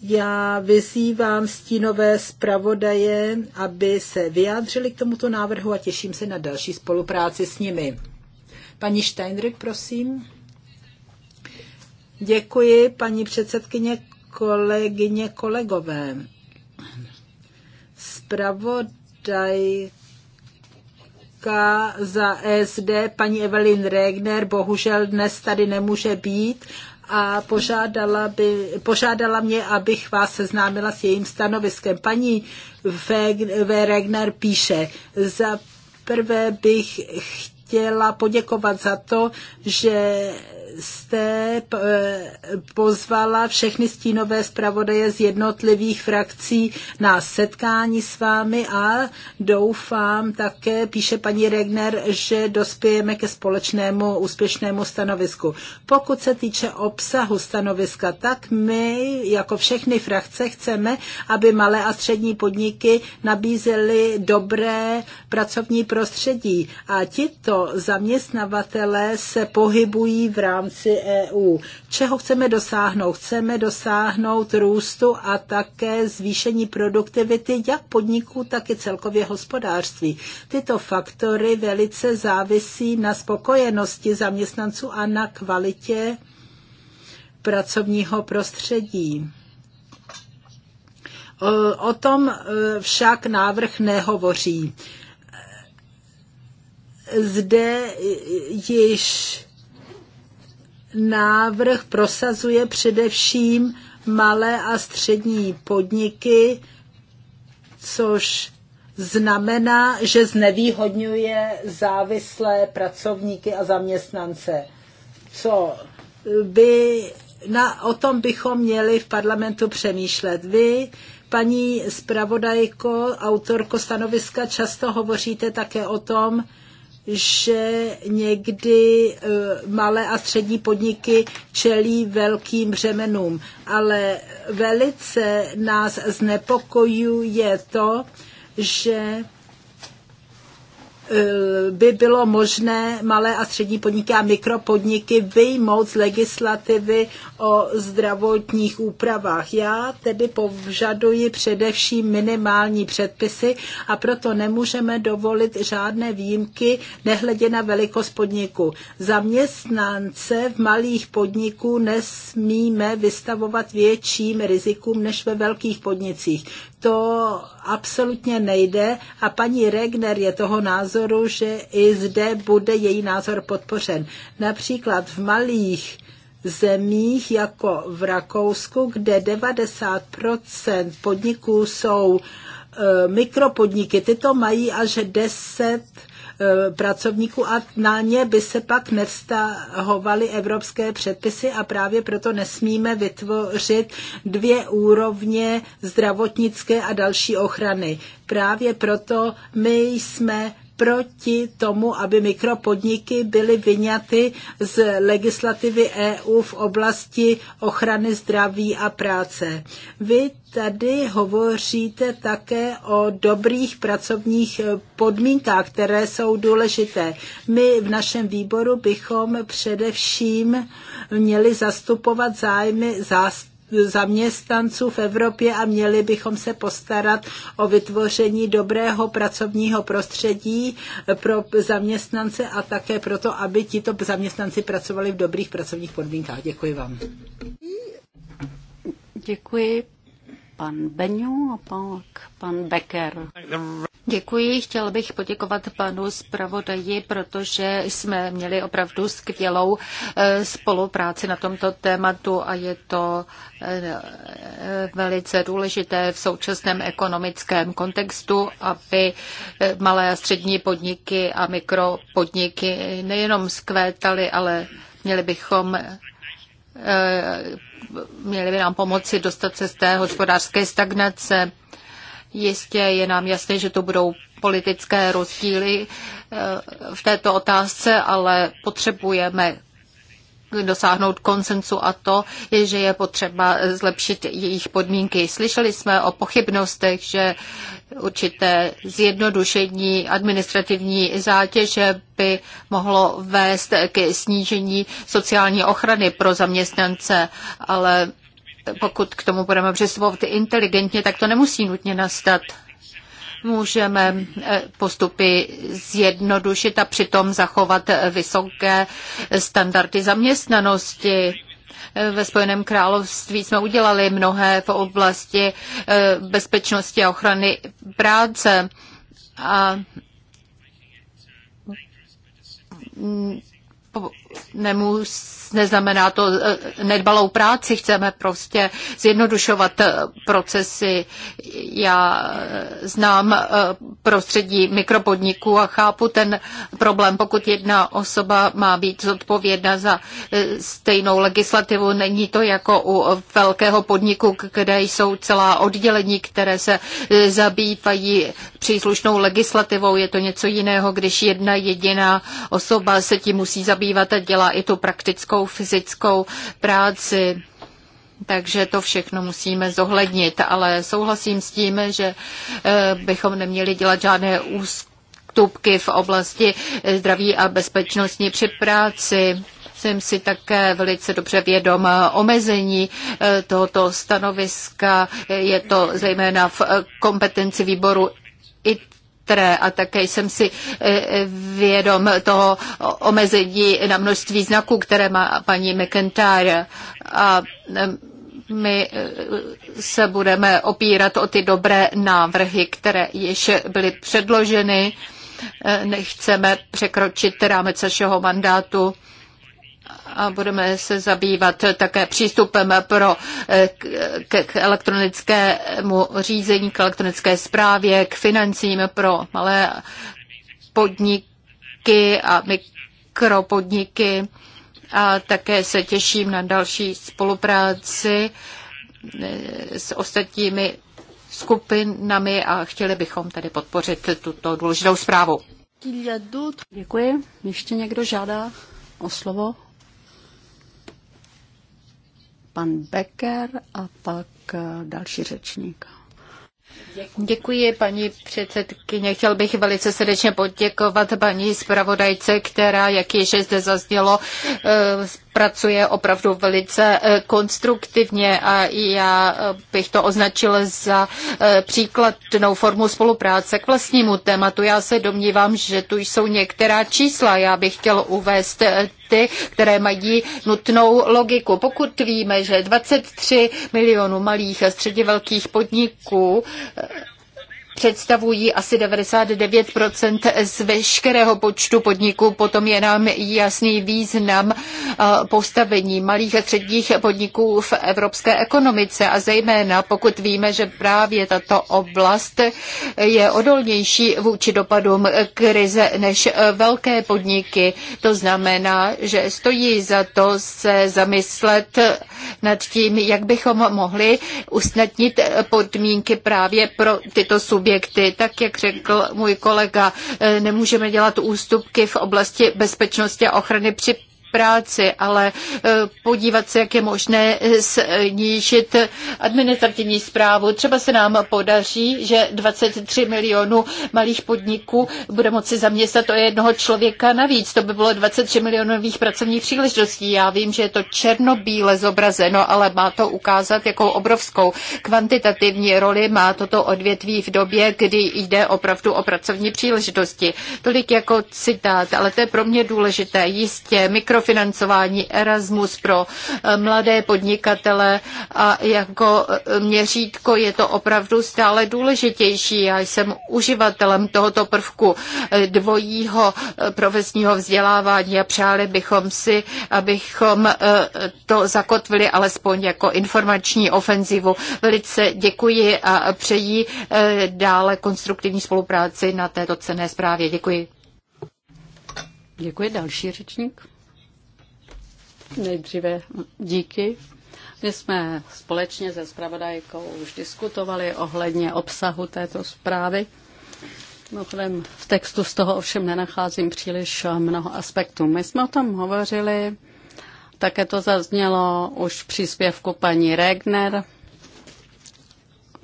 Já vyzývám stínové zpravodaje, aby se vyjádřili k tomuto návrhu a těším se na další spolupráci s nimi. Paní Steinrich, prosím. Děkuji, paní předsedkyně, kolegyně, kolegové. Spravodajka za SD, paní Evelyn Regner, bohužel dnes tady nemůže být a požádala, by, požádala mě, abych vás seznámila s jejím stanoviskem. Paní V. Regner píše, za prvé bych chtěla poděkovat za to, že jste eh, pozvala všechny stínové zpravodaje z jednotlivých frakcí na setkání s vámi a doufám také, píše paní Regner, že dospějeme ke společnému úspěšnému stanovisku. Pokud se týče obsahu stanoviska, tak my jako všechny frakce chceme, aby malé a střední podniky nabízely dobré pracovní prostředí a tito zaměstnavatele se pohybují v rámci rámci EU. Čeho chceme dosáhnout? Chceme dosáhnout růstu a také zvýšení produktivity jak podniků, tak i celkově hospodářství. Tyto faktory velice závisí na spokojenosti zaměstnanců a na kvalitě pracovního prostředí. O tom e, však návrh nehovoří. Zde již návrh prosazuje především malé a střední podniky, což znamená, že znevýhodňuje závislé pracovníky a zaměstnance. Co by, na, o tom bychom měli v parlamentu přemýšlet. Vy, paní zpravodajko, autorko stanoviska, často hovoříte také o tom, že někdy eh, malé a střední podniky čelí velkým břemenům, ale velice nás znepokojuje to, že Eh, by bylo možné malé a střední podniky a mikropodniky vyjmout z legislativy o zdravotních úpravách. Já tedy požaduji především minimální předpisy a proto nemůžeme dovolit žádné výjimky nehledě na velikost podniku. Zaměstnance v malých podniků nesmíme vystavovat větším rizikům než ve velkých podnicích to absolutně nejde a paní Regner je toho názoru, že i zde bude její názor podpořen. Například v malých zemích jako v Rakousku, kde 90% podniků jsou eh, mikropodniky, tyto mají až 10 E, pracovníků a na ně by se pak nevztahovaly evropské předpisy a právě proto nesmíme vytvořit dvě úrovně zdravotnické a další ochrany. Právě proto my jsme proti tomu, aby mikropodniky byly vyňaty z legislativy EU v oblasti ochrany zdraví a práce. Vy tady hovoříte také o dobrých pracovních podmínkách, které jsou důležité. My v našem výboru bychom především měli zastupovat zájmy zástupů zaměstnanců v Evropě a měli bychom se postarat o vytvoření dobrého pracovního prostředí pro zaměstnance a také proto, aby tito zaměstnanci pracovali v dobrých pracovních podmínkách. Děkuji vám. Děkuji pan Beňu a pak pan Becker. Děkuji, chtěl bych poděkovat panu zpravodaji, protože jsme měli opravdu skvělou eh, spolupráci na tomto tématu a je to eh, velice důležité v současném ekonomickém kontextu, aby eh, malé a střední podniky a mikropodniky nejenom zkvétaly, ale měli bychom Eh, měli by nám pomoci dostat se z té hospodářské stagnace. Jistě je nám jasné, že to budou politické rozdíly eh, v této otázce, ale potřebujeme dosáhnout koncensu a to, že je potřeba zlepšit jejich podmínky. Slyšeli jsme o pochybnostech, že určité zjednodušení administrativní zátěže by mohlo vést ke snížení sociální ochrany pro zaměstnance, ale pokud k tomu budeme přistupovat inteligentně, tak to nemusí nutně nastat můžeme eh, postupy zjednodušit a přitom zachovat eh, vysoké standardy zaměstnanosti. Eh, ve Spojeném království jsme udělali mnohé v oblasti bezpečnosti a ochrany práce. A nemus, neznamená to eh, nedbalou práci, chceme prostě zjednodušovat eh, procesy. Já eh, znám prostředí mikropodniků a chápu ten problém, pokud jedna osoba má být zodpovědná za stejnou legislativu. Není to jako u velkého podniku, kde jsou celá oddělení, které se zabývají příslušnou legislativou. Je to něco jiného, když jedna jediná osoba se tím musí zabývat a dělá i tu praktickou fyzickou práci. Takže to všechno musíme zohlednit, ale souhlasím s tím, že eh, bychom neměli dělat žádné ústupky v oblasti eh, zdraví a bezpečnosti při práci jsem si také velice dobře vědom eh, omezení tohoto stanoviska. Je to zejména v kompetenci výboru chytré a také jsem si eh, vědom toho omezení na množství znaků, které má paní McIntyre. A eh, my eh, se budeme opírat o ty dobré návrhy, které již byly předloženy. Nechceme překročit rámec našeho mandátu a budeme se zabývat také přístupem pro, eh, k, k elektronickému řízení, k elektronické zprávě, k financím pro malé podniky a mikropodniky. A také se těším na další spolupráci eh, s ostatními skupinami a chtěli bychom tedy podpořit tuto důležitou zprávu. Děkuji. Ještě někdo žádá o slovo? pan Becker a pak eh, další řečník. Děkuji, paní předsedkyně. Chtěl bych velice srdečně poděkovat paní zpravodajce, která, jak již zde zaznělo, eh, pracuje opravdu velice eh, konstruktivně a já eh, bych to označil za eh, příkladnou formu spolupráce k vlastnímu tématu. Já se domnívám, že tu jsou některá čísla. Já bych chtěl uvést ty, které mají nutnou logiku. Pokud víme, že 23 milionů malých a středně velkých podniků představují asi 99% z veškerého počtu podniků. Potom je nám jasný význam eh, postavení malých a středních podniků v evropské ekonomice a zejména pokud víme, že právě tato oblast je odolnější vůči dopadům krize než eh, velké podniky. To znamená, že stojí za to se zamyslet eh, nad tím, jak bychom mohli usnadnit podmínky právě pro tyto subjekty subjekty. Tak, jak řekl můj kolega, eh, nemůžeme dělat ústupky v oblasti bezpečnosti a ochrany při práci, ale eh, podívat se, jak je možné snížit administrativní zprávu. Třeba se nám podaří, že 23 milionů malých podniků bude moci zaměstnat o jednoho člověka navíc. To by bylo 23 milionů nových pracovních příležitostí. Já vím, že je to černobíle zobrazeno, ale má to ukázat, jakou obrovskou kvantitativní roli má toto odvětví v době, kdy jde opravdu o pracovní příležitosti. Tolik jako citát, ale to je pro mě důležité. Jistě, mikro mikrofinancování Erasmus pro eh, mladé podnikatele a jako eh, měřítko je to opravdu stále důležitější. Já jsem uživatelem tohoto prvku eh, dvojího profesního vzdělávání a přáli bychom si, abychom to zakotvili alespoň jako informační ofenzivu. Velice děkuji a přeji dále konstruktivní spolupráci na této cené zprávě. Děkuji. Děkuji. Další řečník. Nejdříve díky. My jsme společně se zpravodajkou už diskutovali ohledně obsahu této zprávy. Mimochodem, v textu z toho ovšem nenacházím příliš mnoho aspektů. My jsme o tom hovořili, také to zaznělo už v příspěvku paní Regner.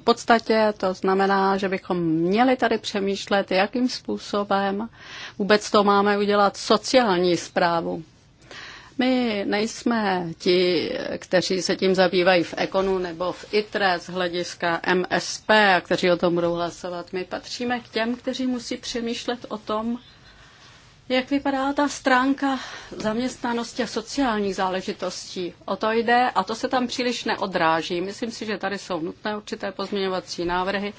V podstatě to znamená, že bychom měli tady přemýšlet, jakým způsobem vůbec to máme udělat sociální zprávu. My nejsme ti, kteří se tím zabývají v Ekonu nebo v ITRE z hlediska MSP a kteří o tom budou hlasovat. My patříme k těm, kteří musí přemýšlet o tom, jak vypadá ta stránka zaměstnanosti a sociálních záležitostí? O to jde a to se tam příliš neodráží. Myslím si, že tady jsou nutné určité pozměňovací návrhy,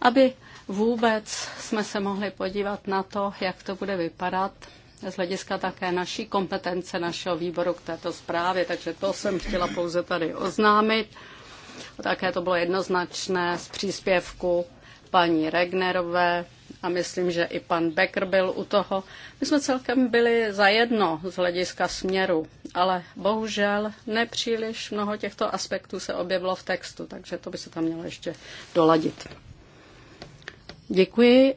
aby vůbec jsme se mohli podívat na to, jak to bude vypadat z hlediska také naší kompetence našeho výboru k této zprávě, takže to jsem chtěla pouze tady oznámit. Také to bylo jednoznačné z příspěvku paní Regnerové a myslím, že i pan Becker byl u toho. My jsme celkem byli zajedno z hlediska směru, ale bohužel nepříliš mnoho těchto aspektů se objevilo v textu, takže to by se tam mělo ještě doladit. Děkuji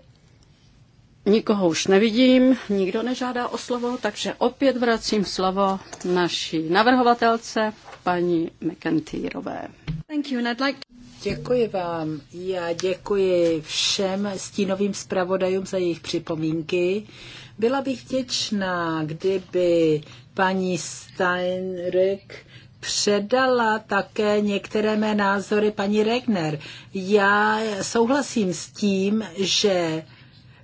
Nikoho už nevidím, nikdo nežádá o slovo, takže opět vracím slovo naší navrhovatelce, paní McEntyrové. Děkuji vám. Já děkuji všem stínovým zpravodajům za jejich připomínky. Byla bych těčná, kdyby paní Steinrück předala také některé mé názory paní Regner. Já souhlasím s tím, že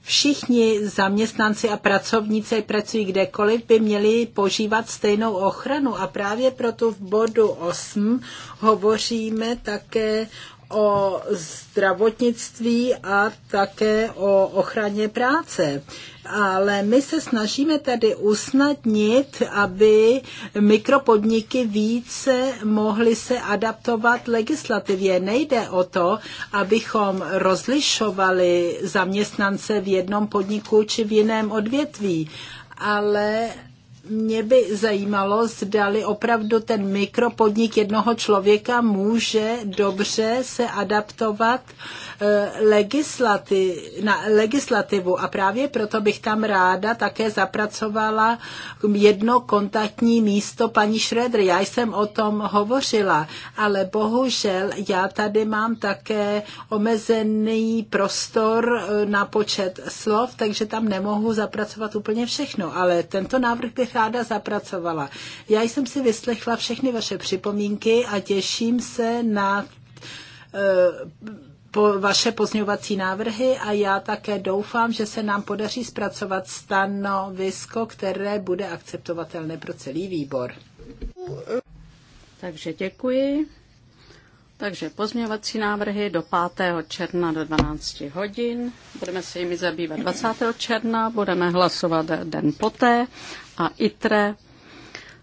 všichni zaměstnanci a pracovníci pracují kdekoliv, by měli požívat stejnou ochranu. A právě proto v bodu 8 hovoříme také o zdravotnictví a také o ochraně práce. Ale my se snažíme tady usnadnit, aby mikropodniky více mohly se adaptovat legislativě. Nejde o to, abychom rozlišovali zaměstnance v jednom podniku či v jiném odvětví, ale mě by zajímalo, zdali opravdu ten mikropodnik jednoho člověka může dobře se adaptovat Eh, na legislativu a právě proto bych tam ráda také zapracovala jedno kontaktní místo paní Schroeder. Já jsem o tom hovořila, ale bohužel já tady mám také omezený prostor eh, na počet slov, takže tam nemohu zapracovat úplně všechno, ale tento návrh bych ráda zapracovala. Já jsem si vyslechla všechny vaše připomínky a těším se na uh, po vaše pozňovací návrhy a já také doufám, že se nám podaří zpracovat stanovisko, které bude akceptovatelné pro celý výbor. Takže děkuji. Takže pozměňovací návrhy do 5. června do 12 hodin. Budeme se jimi zabývat 20. června, budeme hlasovat den poté a ITRE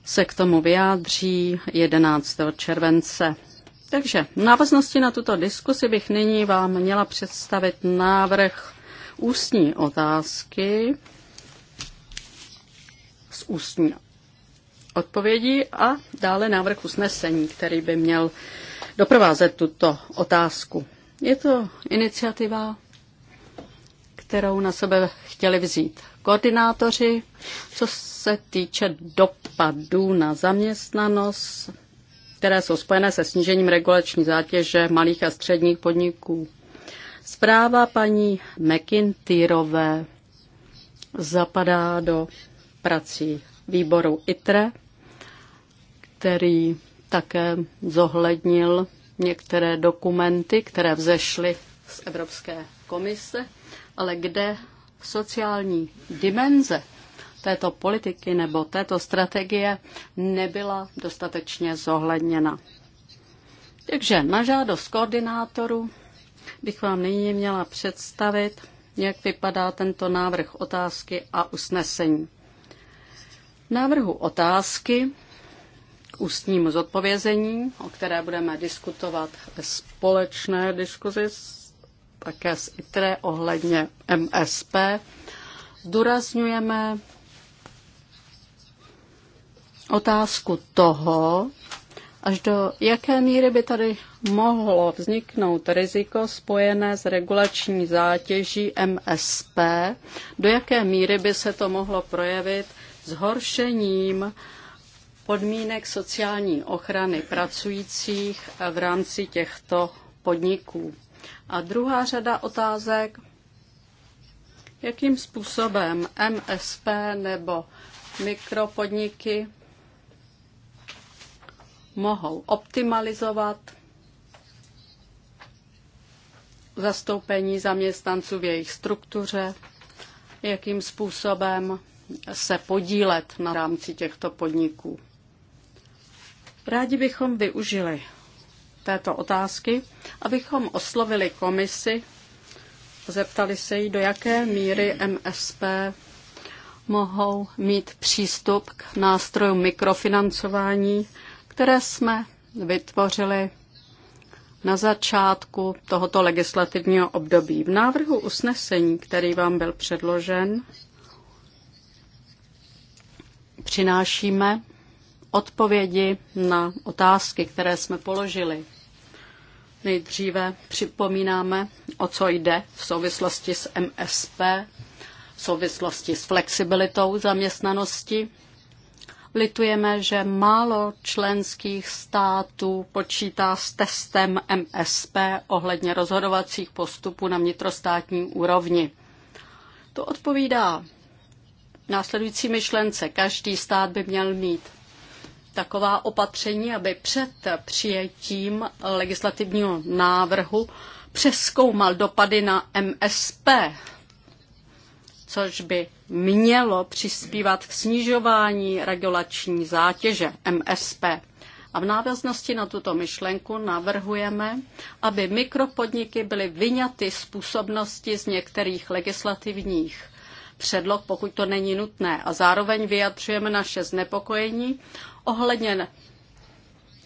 se k tomu vyjádří 11. července. Takže v návaznosti na tuto diskusi bych nyní vám měla představit návrh ústní otázky s ústní odpovědí a dále návrh usnesení, který by měl doprovázet tuto otázku. Je to iniciativa, kterou na sebe chtěli vzít koordinátoři, co se týče dopadů na zaměstnanost které jsou spojené se snížením regulační zátěže malých a středních podniků. Zpráva paní McIntyrové zapadá do prací výboru ITRE, který také zohlednil některé dokumenty, které vzešly z Evropské komise, ale kde sociální dimenze této politiky nebo této strategie nebyla dostatečně zohledněna. Takže na žádost koordinátoru bych vám nyní měla představit, jak vypadá tento návrh otázky a usnesení. V návrhu otázky k ústnímu zodpovězení, o které budeme diskutovat ve společné diskuzi také s ITRE ohledně MSP, zdůrazňujeme otázku toho, až do jaké míry by tady mohlo vzniknout riziko spojené s regulační zátěží MSP, do jaké míry by se to mohlo projevit zhoršením podmínek sociální ochrany pracujících v rámci těchto podniků. A druhá řada otázek, jakým způsobem MSP nebo mikropodniky mohou optimalizovat zastoupení zaměstnanců v jejich struktuře, jakým způsobem se podílet na rámci těchto podniků. Rádi bychom využili této otázky, abychom oslovili komisi, zeptali se jí, do jaké míry MSP mohou mít přístup k nástrojům mikrofinancování které jsme vytvořili na začátku tohoto legislativního období. V návrhu usnesení, který vám byl předložen, přinášíme odpovědi na otázky, které jsme položili. Nejdříve připomínáme, o co jde v souvislosti s MSP, v souvislosti s flexibilitou zaměstnanosti Litujeme, že málo členských států počítá s testem MSP ohledně rozhodovacích postupů na vnitrostátní úrovni. To odpovídá následující myšlence. Každý stát by měl mít taková opatření, aby před přijetím legislativního návrhu přeskoumal dopady na MSP, což by mělo přispívat k snižování regulační zátěže MSP. A v návaznosti na tuto myšlenku navrhujeme, aby mikropodniky byly vyňaty z působnosti z některých legislativních předloh, pokud to není nutné. A zároveň vyjadřujeme naše znepokojení ohledně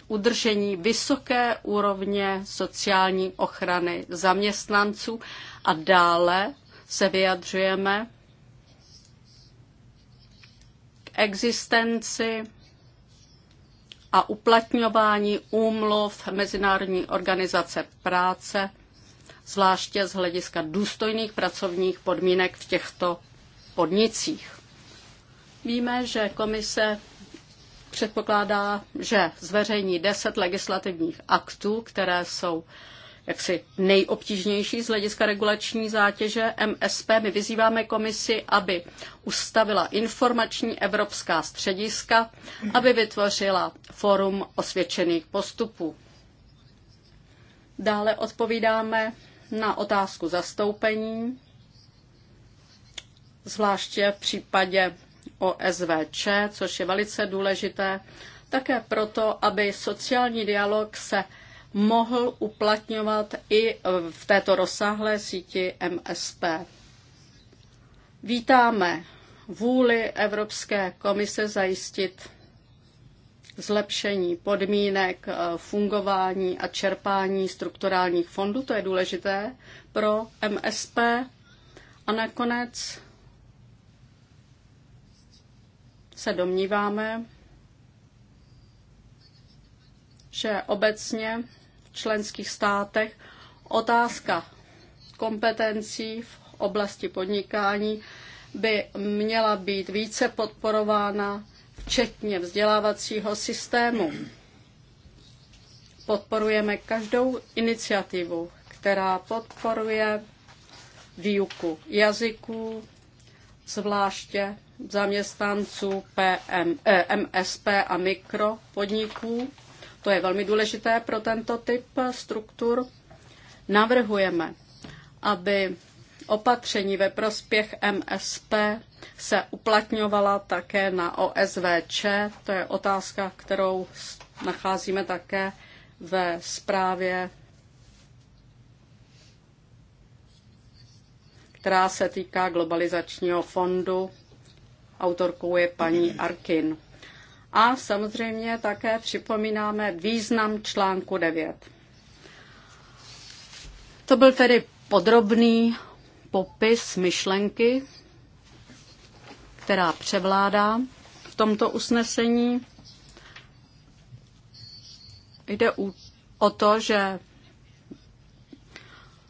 udržení vysoké úrovně sociální ochrany zaměstnanců a dále se vyjadřujeme existenci a uplatňování úmluv Mezinárodní organizace práce, zvláště z hlediska důstojných pracovních podmínek v těchto podnicích. Víme, že komise předpokládá, že zveřejní deset legislativních aktů, které jsou jaksi nejobtížnější z hlediska regulační zátěže MSP. My vyzýváme komisi, aby ustavila informační evropská střediska, aby vytvořila forum osvědčených postupů. Dále odpovídáme na otázku zastoupení, zvláště v případě OSVČ, což je velice důležité, také proto, aby sociální dialog se mohl uplatňovat i e, v této rozsáhlé síti MSP. Vítáme vůli Evropské komise zajistit zlepšení podmínek e, fungování a čerpání strukturálních fondů, to je důležité pro MSP. A nakonec se domníváme, že obecně členských státech otázka kompetencí v oblasti podnikání by měla být více podporována, včetně vzdělávacího systému. Podporujeme každou iniciativu, která podporuje výuku jazyků, zvláště zaměstnanců PM, eh, MSP a mikropodniků to je velmi důležité pro tento typ struktur. Navrhujeme, aby opatření ve prospěch MSP se uplatňovala také na OSVČ. To je otázka, kterou nacházíme také ve zprávě, která se týká globalizačního fondu. Autorkou je paní Arkin a samozřejmě také připomínáme význam článku 9. To byl tedy podrobný popis myšlenky, která převládá v tomto usnesení. Jde o to, že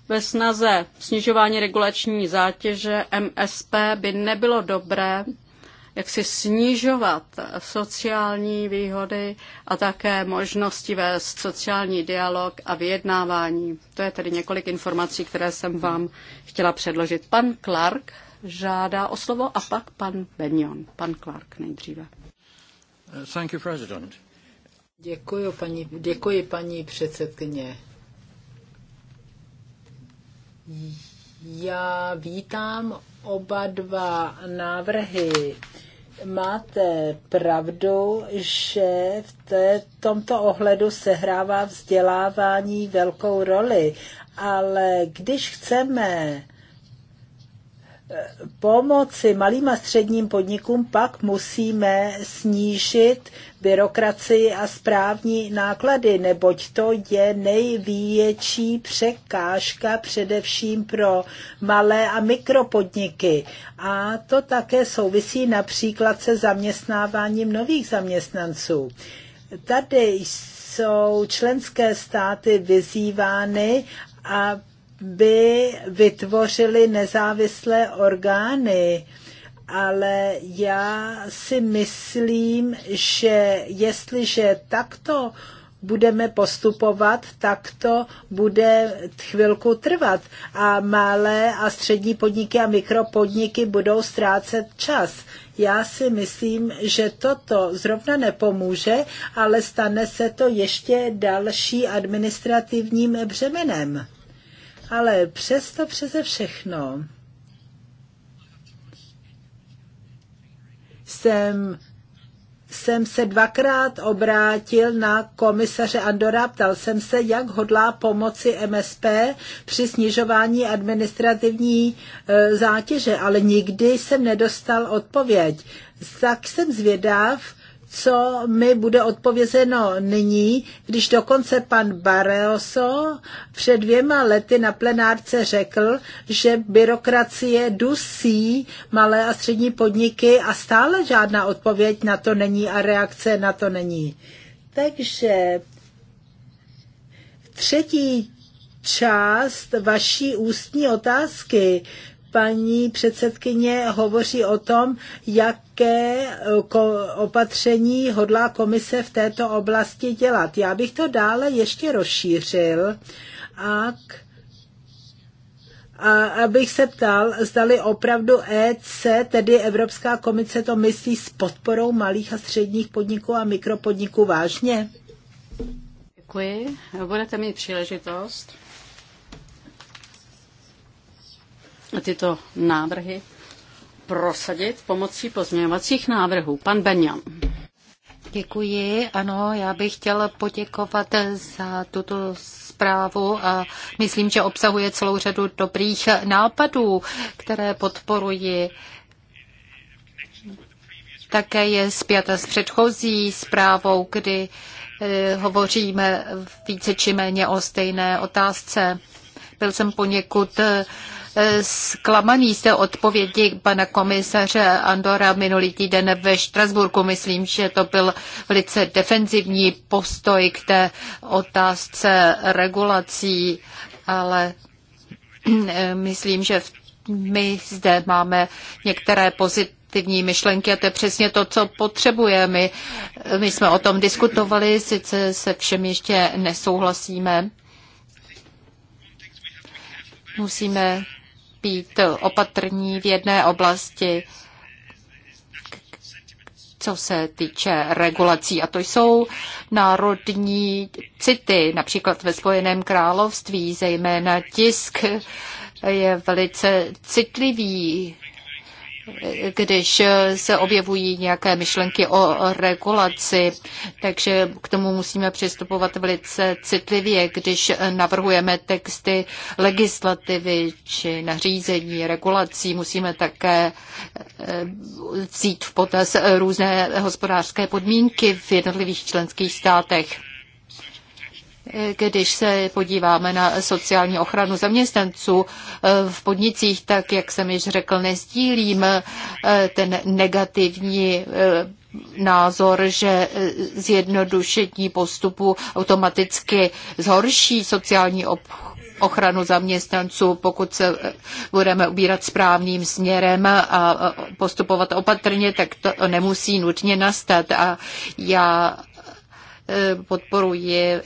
ve snaze snižování regulační zátěže MSP by nebylo dobré jak si snižovat sociální výhody a také možnosti vést sociální dialog a vyjednávání. To je tedy několik informací, které jsem vám chtěla předložit. Pan Clark žádá o slovo a pak pan Benjon. Pan Clark nejdříve. Thank you, President. Děkuji, paní, děkuji, paní předsedkyně. Já vítám oba dva návrhy. Máte pravdu, že v té, tomto ohledu sehrává vzdělávání velkou roli, ale když chceme pomoci malým a středním podnikům pak musíme snížit byrokracii a správní náklady, neboť to je největší překážka především pro malé a mikropodniky. A to také souvisí například se zaměstnáváním nových zaměstnanců. Tady jsou členské státy vyzývány, aby by vytvořili nezávislé orgány, ale já si myslím, že jestliže takto budeme postupovat, tak to bude chvilku trvat a malé a střední podniky a mikropodniky budou ztrácet čas. Já si myslím, že toto zrovna nepomůže, ale stane se to ještě další administrativním břemenem ale přesto přeze všechno jsem jsem se dvakrát obrátil na komisaře Andora, ptal jsem se, jak hodlá pomoci MSP při snižování administrativní e, zátěže, ale nikdy jsem nedostal odpověď. Tak jsem zvědav, co mi bude odpovězeno nyní, když dokonce pan Barroso před dvěma lety na plenárce řekl, že byrokracie dusí malé a střední podniky a stále žádná odpověď na to není a reakce na to není. Takže třetí část vaší ústní otázky paní předsedkyně hovoří o tom, jaké eh, opatření hodlá komise v této oblasti dělat. Já bych to dále ještě rozšířil a k a abych se ptal, zdali opravdu EC, tedy Evropská komise, to myslí s podporou malých a středních podniků a mikropodniků vážně? Děkuji. Budete mít příležitost tyto návrhy prosadit pomocí pozměňovacích návrhů. Pan Benjam. Děkuji. Ano, já bych chtěla poděkovat za tuto zprávu a myslím, že obsahuje celou řadu dobrých nápadů, které podporuji také je zpěta s předchozí zprávou, kdy eh, hovoříme více či méně o stejné otázce. Byl jsem poněkud eh, zklamaný té odpovědi pana komisaře Andora minulý týden ve Štrasburku. Myslím, že to byl velice defenzivní postoj k té otázce regulací, ale myslím, že my zde máme některé pozitivní myšlenky a to je přesně to, co potřebujeme. My, my jsme o tom diskutovali, sice se všem ještě nesouhlasíme. Musíme být opatrní v jedné oblasti, co se týče regulací. A to jsou národní city, například ve Spojeném království, zejména tisk je velice citlivý když se objevují nějaké myšlenky o regulaci, takže k tomu musíme přistupovat velice citlivě, když navrhujeme texty legislativy či nařízení regulací. Musíme také eh, vzít v potaz různé hospodářské podmínky v jednotlivých členských státech. Když se podíváme na sociální ochranu zaměstnanců eh, v podnicích, tak jak jsem již řekl, nezdílím eh, ten negativní eh, názor, že zjednodušení postupu automaticky zhorší sociální ochranu zaměstnanců, pokud se budeme ubírat správným směrem a postupovat opatrně, tak to nemusí nutně nastat. A já Eh, podporuji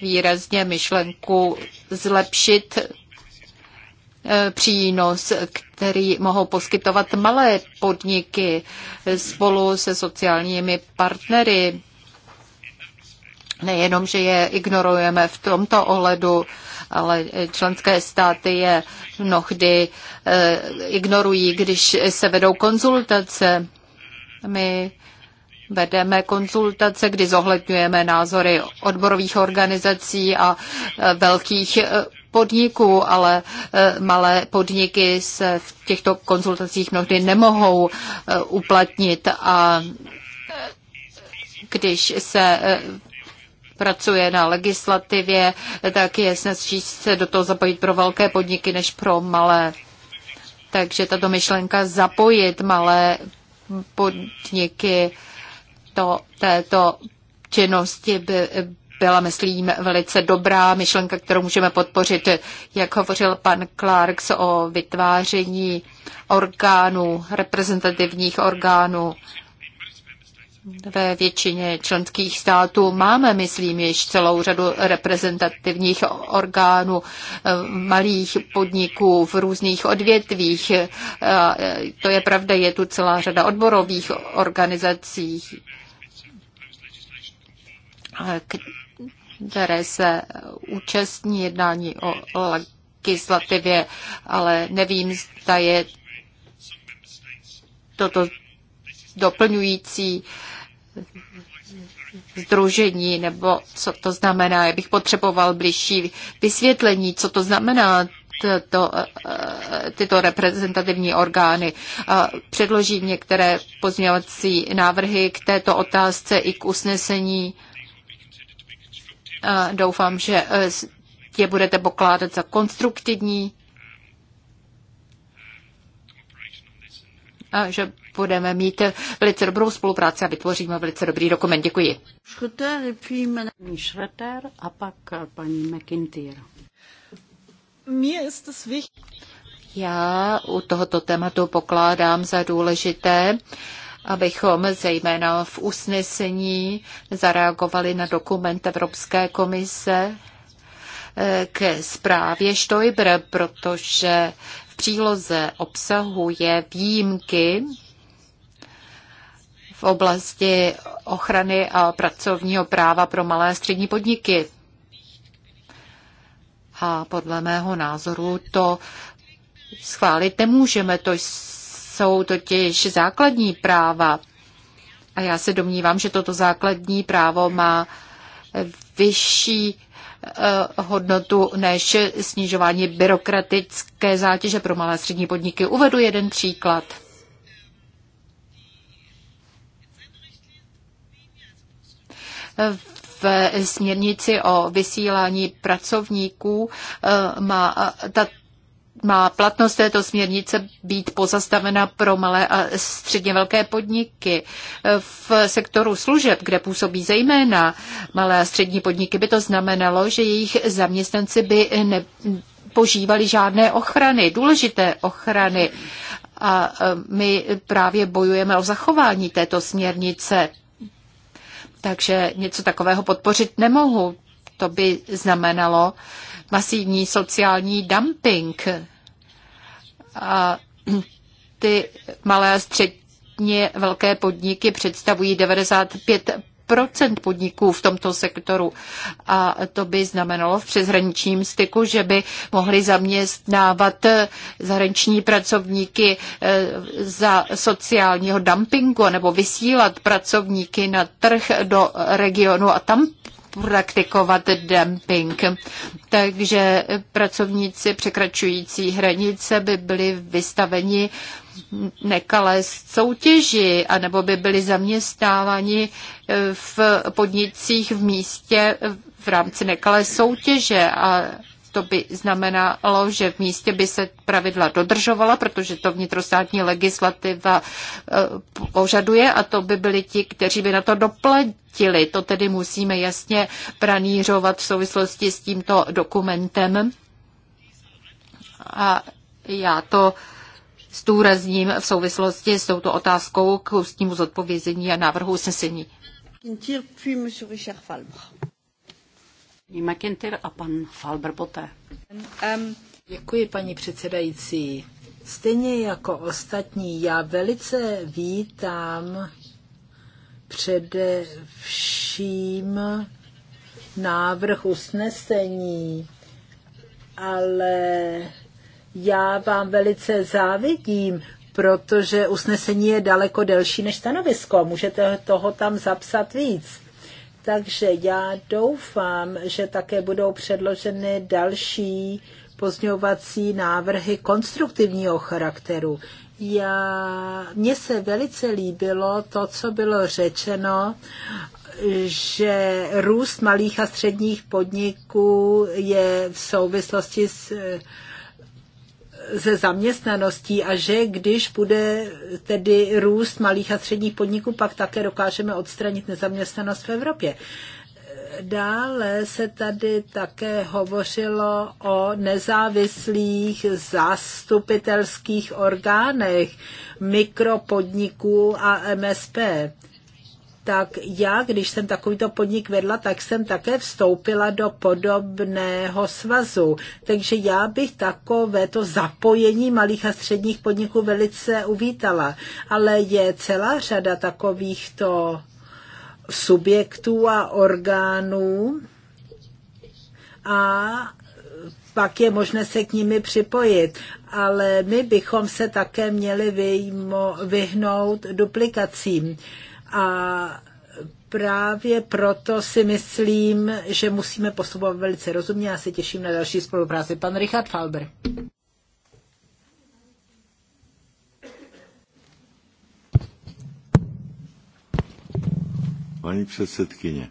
výrazně myšlenku zlepšit eh, přínos, který mohou poskytovat malé podniky spolu se sociálními partnery. Nejenom, že je ignorujeme v tomto ohledu, ale členské státy je mnohdy eh, ignorují, když se vedou konzultace. My vedeme konzultace, kdy zohledňujeme názory odborových organizací a e, velkých e, podniků, ale e, malé podniky se v těchto konzultacích mnohdy nemohou uplatnit a když se pracuje na legislativě, tak je snadší se do toho zapojit pro velké podniky než pro malé. Takže tato myšlenka zapojit malé podniky této, této činnosti by, byla, myslím, velice dobrá myšlenka, kterou můžeme podpořit, jak hovořil pan Clarks o vytváření orgánů, reprezentativních orgánů. Ve většině členských států máme, myslím, již celou řadu reprezentativních orgánů eh, malých podniků v různých odvětvích. Eh, to je pravda, je tu celá řada odborových organizací které se účastní jednání o legislativě, ale nevím, zda je toto doplňující združení, nebo co to znamená. Já bych potřeboval blížší vysvětlení, co to znamená to, tyto reprezentativní orgány. Předložím některé pozměňovací návrhy k této otázce i k usnesení Doufám, že e, je budete pokládat za konstruktivní a že budeme mít velice dobrou spolupráci a vytvoříme velice dobrý dokument. Děkuji. Šruter, paní a pak e, paní McIntyre. Já u tohoto tématu pokládám za důležité, uh, abychom zejména v usnesení zareagovali na dokument Evropské komise eh, k zprávě Štojbr, protože v příloze obsahuje výjimky v oblasti ochrany a pracovního práva pro malé a střední podniky. A podle mého názoru to schválit nemůžeme. To jsou totiž základní práva. A já se domnívám, že toto základní právo má vyšší eh, hodnotu než snižování byrokratické zátěže pro malé a střední podniky. Uvedu jeden příklad. V směrnici o vysílání pracovníků eh, má eh, tato má platnost této směrnice být pozastavena pro malé a středně velké podniky. V sektoru služeb, kde působí zejména malé a střední podniky, by to znamenalo, že jejich zaměstnanci by nepožívali žádné ochrany, důležité ochrany. A e, my právě bojujeme o zachování této směrnice. Takže něco takového podpořit nemohu. To by znamenalo, masivní sociální dumping. A ty malé a středně velké podniky představují 95 podniků v tomto sektoru. A to by znamenalo v přeshraničním styku, že by mohli zaměstnávat zahraniční pracovníky eh, za sociálního dumpingu nebo vysílat pracovníky na trh do regionu a tam praktikovat dumping. Takže pracovníci překračující hranice by byli vystaveni nekalé soutěži, anebo by byli zaměstnáváni v podnicích v místě v rámci nekalé soutěže a to by znamenalo, že v místě by se pravidla dodržovala, protože to vnitrostátní legislativa e, požaduje a to by byli ti, kteří by na to doplatili. To tedy musíme jasně pranířovat v souvislosti s tímto dokumentem. A já to zdůrazním v souvislosti s touto otázkou k ústnímu zodpovězení a návrhu usnesení. Paní McIntyre a pan Falber poté. Um, děkuji, paní předsedající. Stejně jako ostatní, já velice vítám především návrh usnesení, ale já vám velice závidím, protože usnesení je daleko delší než stanovisko. Můžete toho tam zapsat víc. Takže já doufám, že také budou předloženy další pozňovací návrhy konstruktivního charakteru. Já, mně se velice líbilo to, co bylo řečeno, že růst malých a středních podniků je v souvislosti s se zaměstnaností a že když bude tedy růst malých a středních podniků, pak také dokážeme odstranit nezaměstnanost v Evropě. Dále se tady také hovořilo o nezávislých zastupitelských orgánech mikropodniků a MSP tak já, když jsem takovýto podnik vedla, tak jsem také vstoupila do podobného svazu. Takže já bych takové to zapojení malých a středních podniků velice uvítala. Ale je celá řada takovýchto subjektů a orgánů a pak je možné se k nimi připojit. Ale my bychom se také měli vyjmo, vyhnout duplikacím. A právě proto si myslím, že musíme postupovat velice rozumně a se těším na další spolupráci. Pan Richard Falber. Paní předsedkyně,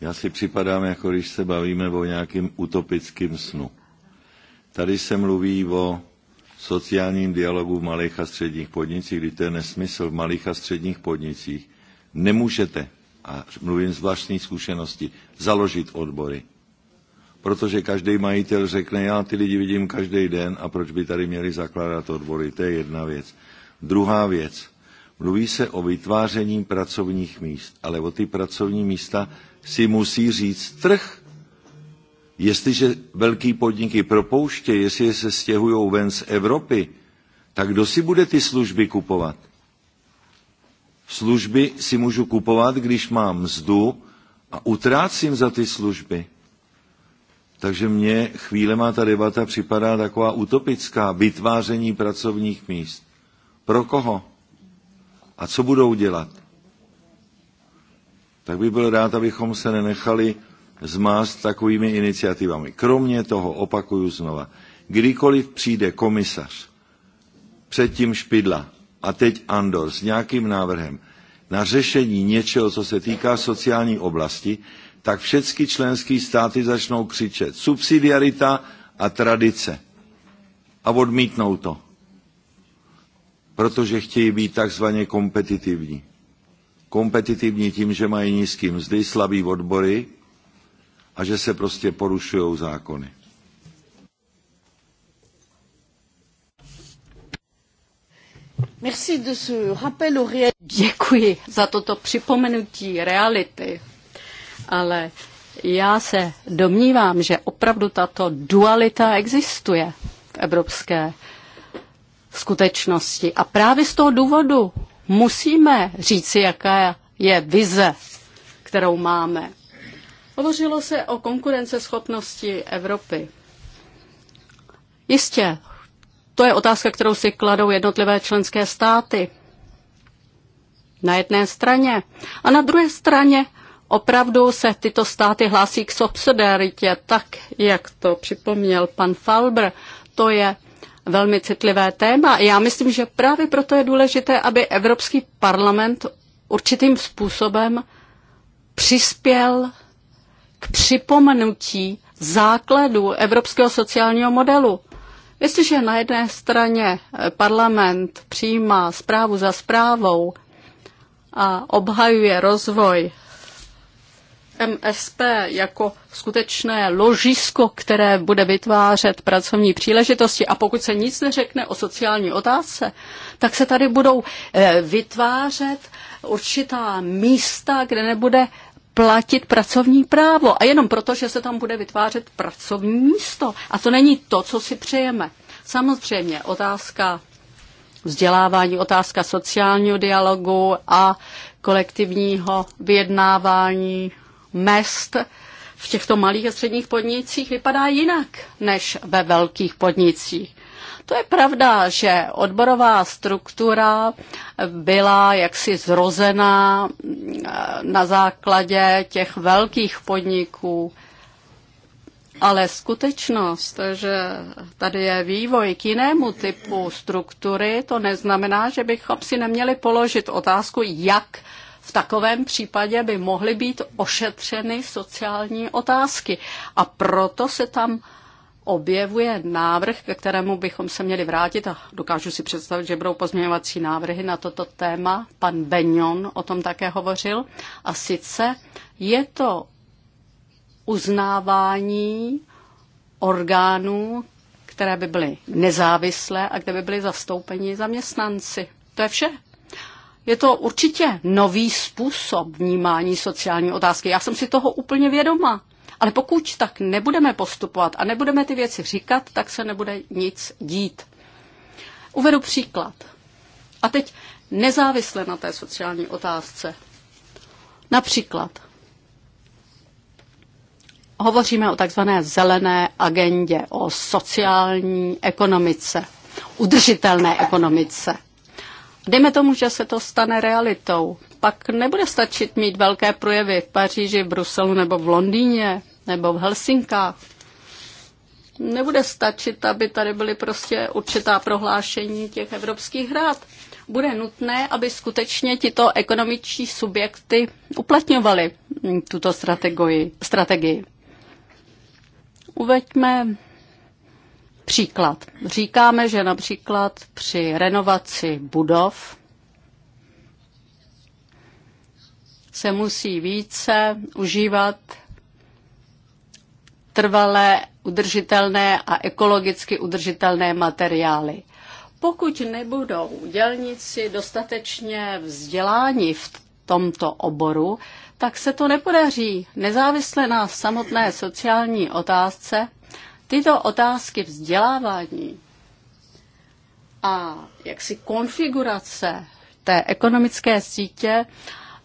já si připadám, jako když se bavíme o nějakém utopickém snu. Tady se mluví o sociálním dialogu v malých a středních podnicích, kdy to je nesmysl v malých a středních podnicích, nemůžete, a mluvím z vlastní zkušenosti, založit odbory. Protože každý majitel řekne, já ty lidi vidím každý den a proč by tady měli zakládat odbory, to je jedna věc. Druhá věc, mluví se o vytváření pracovních míst, ale o ty pracovní místa si musí říct trh, Jestliže velký podniky propouštějí, jestli se stěhují ven z Evropy, tak kdo si bude ty služby kupovat? Služby si můžu kupovat, když mám mzdu a utrácím za ty služby. Takže mně chvílema ta debata připadá taková utopická. Vytváření pracovních míst. Pro koho? A co budou dělat? Tak bych byl rád, abychom se nenechali zmást takovými iniciativami. Kromě toho, opakuju znova, kdykoliv přijde komisař, předtím Špidla a teď Andor s nějakým návrhem na řešení něčeho, co se týká sociální oblasti, tak všechny členské státy začnou křičet subsidiarita a tradice a odmítnou to, protože chtějí být takzvaně kompetitivní. Kompetitivní tím, že mají nízký mzdy, slabý odbory, a že se prostě porušují zákony. Děkuji za toto připomenutí reality, ale já se domnívám, že opravdu tato dualita existuje v evropské skutečnosti. A právě z toho důvodu musíme říci, jaká je vize, kterou máme. Hovořilo se o konkurenceschopnosti Evropy. Jistě, to je otázka, kterou si kladou jednotlivé členské státy. Na jedné straně. A na druhé straně opravdu se tyto státy hlásí k subsidiaritě, tak jak to připomněl pan Falber. To je velmi citlivé téma. Já myslím, že právě proto je důležité, aby Evropský parlament určitým způsobem přispěl k připomenutí základů evropského sociálního modelu. Jestliže na jedné straně eh, parlament přijímá zprávu za zprávou a obhajuje rozvoj MSP jako skutečné ložisko, které bude vytvářet pracovní příležitosti a pokud se nic neřekne o sociální otázce, tak se tady budou eh, vytvářet určitá místa, kde nebude platit pracovní právo. A jenom proto, že se tam bude vytvářet pracovní místo. A to není to, co si přejeme. Samozřejmě otázka vzdělávání, otázka sociálního dialogu a kolektivního vyjednávání mest v těchto malých a středních podnicích vypadá jinak než ve velkých podnicích. To je pravda, že odborová struktura byla jaksi zrozená eh, na základě těch velkých podniků, ale skutečnost, že tady je vývoj k jinému typu struktury, to neznamená, že bychom si neměli položit otázku, jak v takovém případě by mohly být ošetřeny sociální otázky. A proto se tam objevuje návrh, ke kterému bychom se měli vrátit a dokážu si představit, že budou pozměňovací návrhy na toto téma. Pan Benjon o tom také hovořil. A sice je to uznávání orgánů, které by byly nezávislé a kde by byly zastoupeni zaměstnanci. To je vše. Je to určitě nový způsob vnímání sociální otázky. Já jsem si toho úplně vědoma. Ale pokud tak nebudeme postupovat a nebudeme ty věci říkat, tak se nebude nic dít. Uvedu příklad. A teď nezávisle na té sociální otázce. Například hovoříme o takzvané zelené agendě, o sociální ekonomice, udržitelné ekonomice. Dejme tomu, že se to stane realitou pak nebude stačit mít velké projevy v Paříži, v Bruselu nebo v Londýně nebo v Helsinkách. Nebude stačit, aby tady byly prostě určitá prohlášení těch evropských rád. Bude nutné, aby skutečně tito ekonomiční subjekty uplatňovali tuto strategii. strategii. Uveďme příklad. Říkáme, že například při renovaci budov se musí více užívat trvalé udržitelné a ekologicky udržitelné materiály. Pokud nebudou dělníci dostatečně vzděláni v tomto oboru, tak se to nepodaří. Nezávisle na samotné sociální otázce, tyto otázky vzdělávání a jaksi konfigurace té ekonomické sítě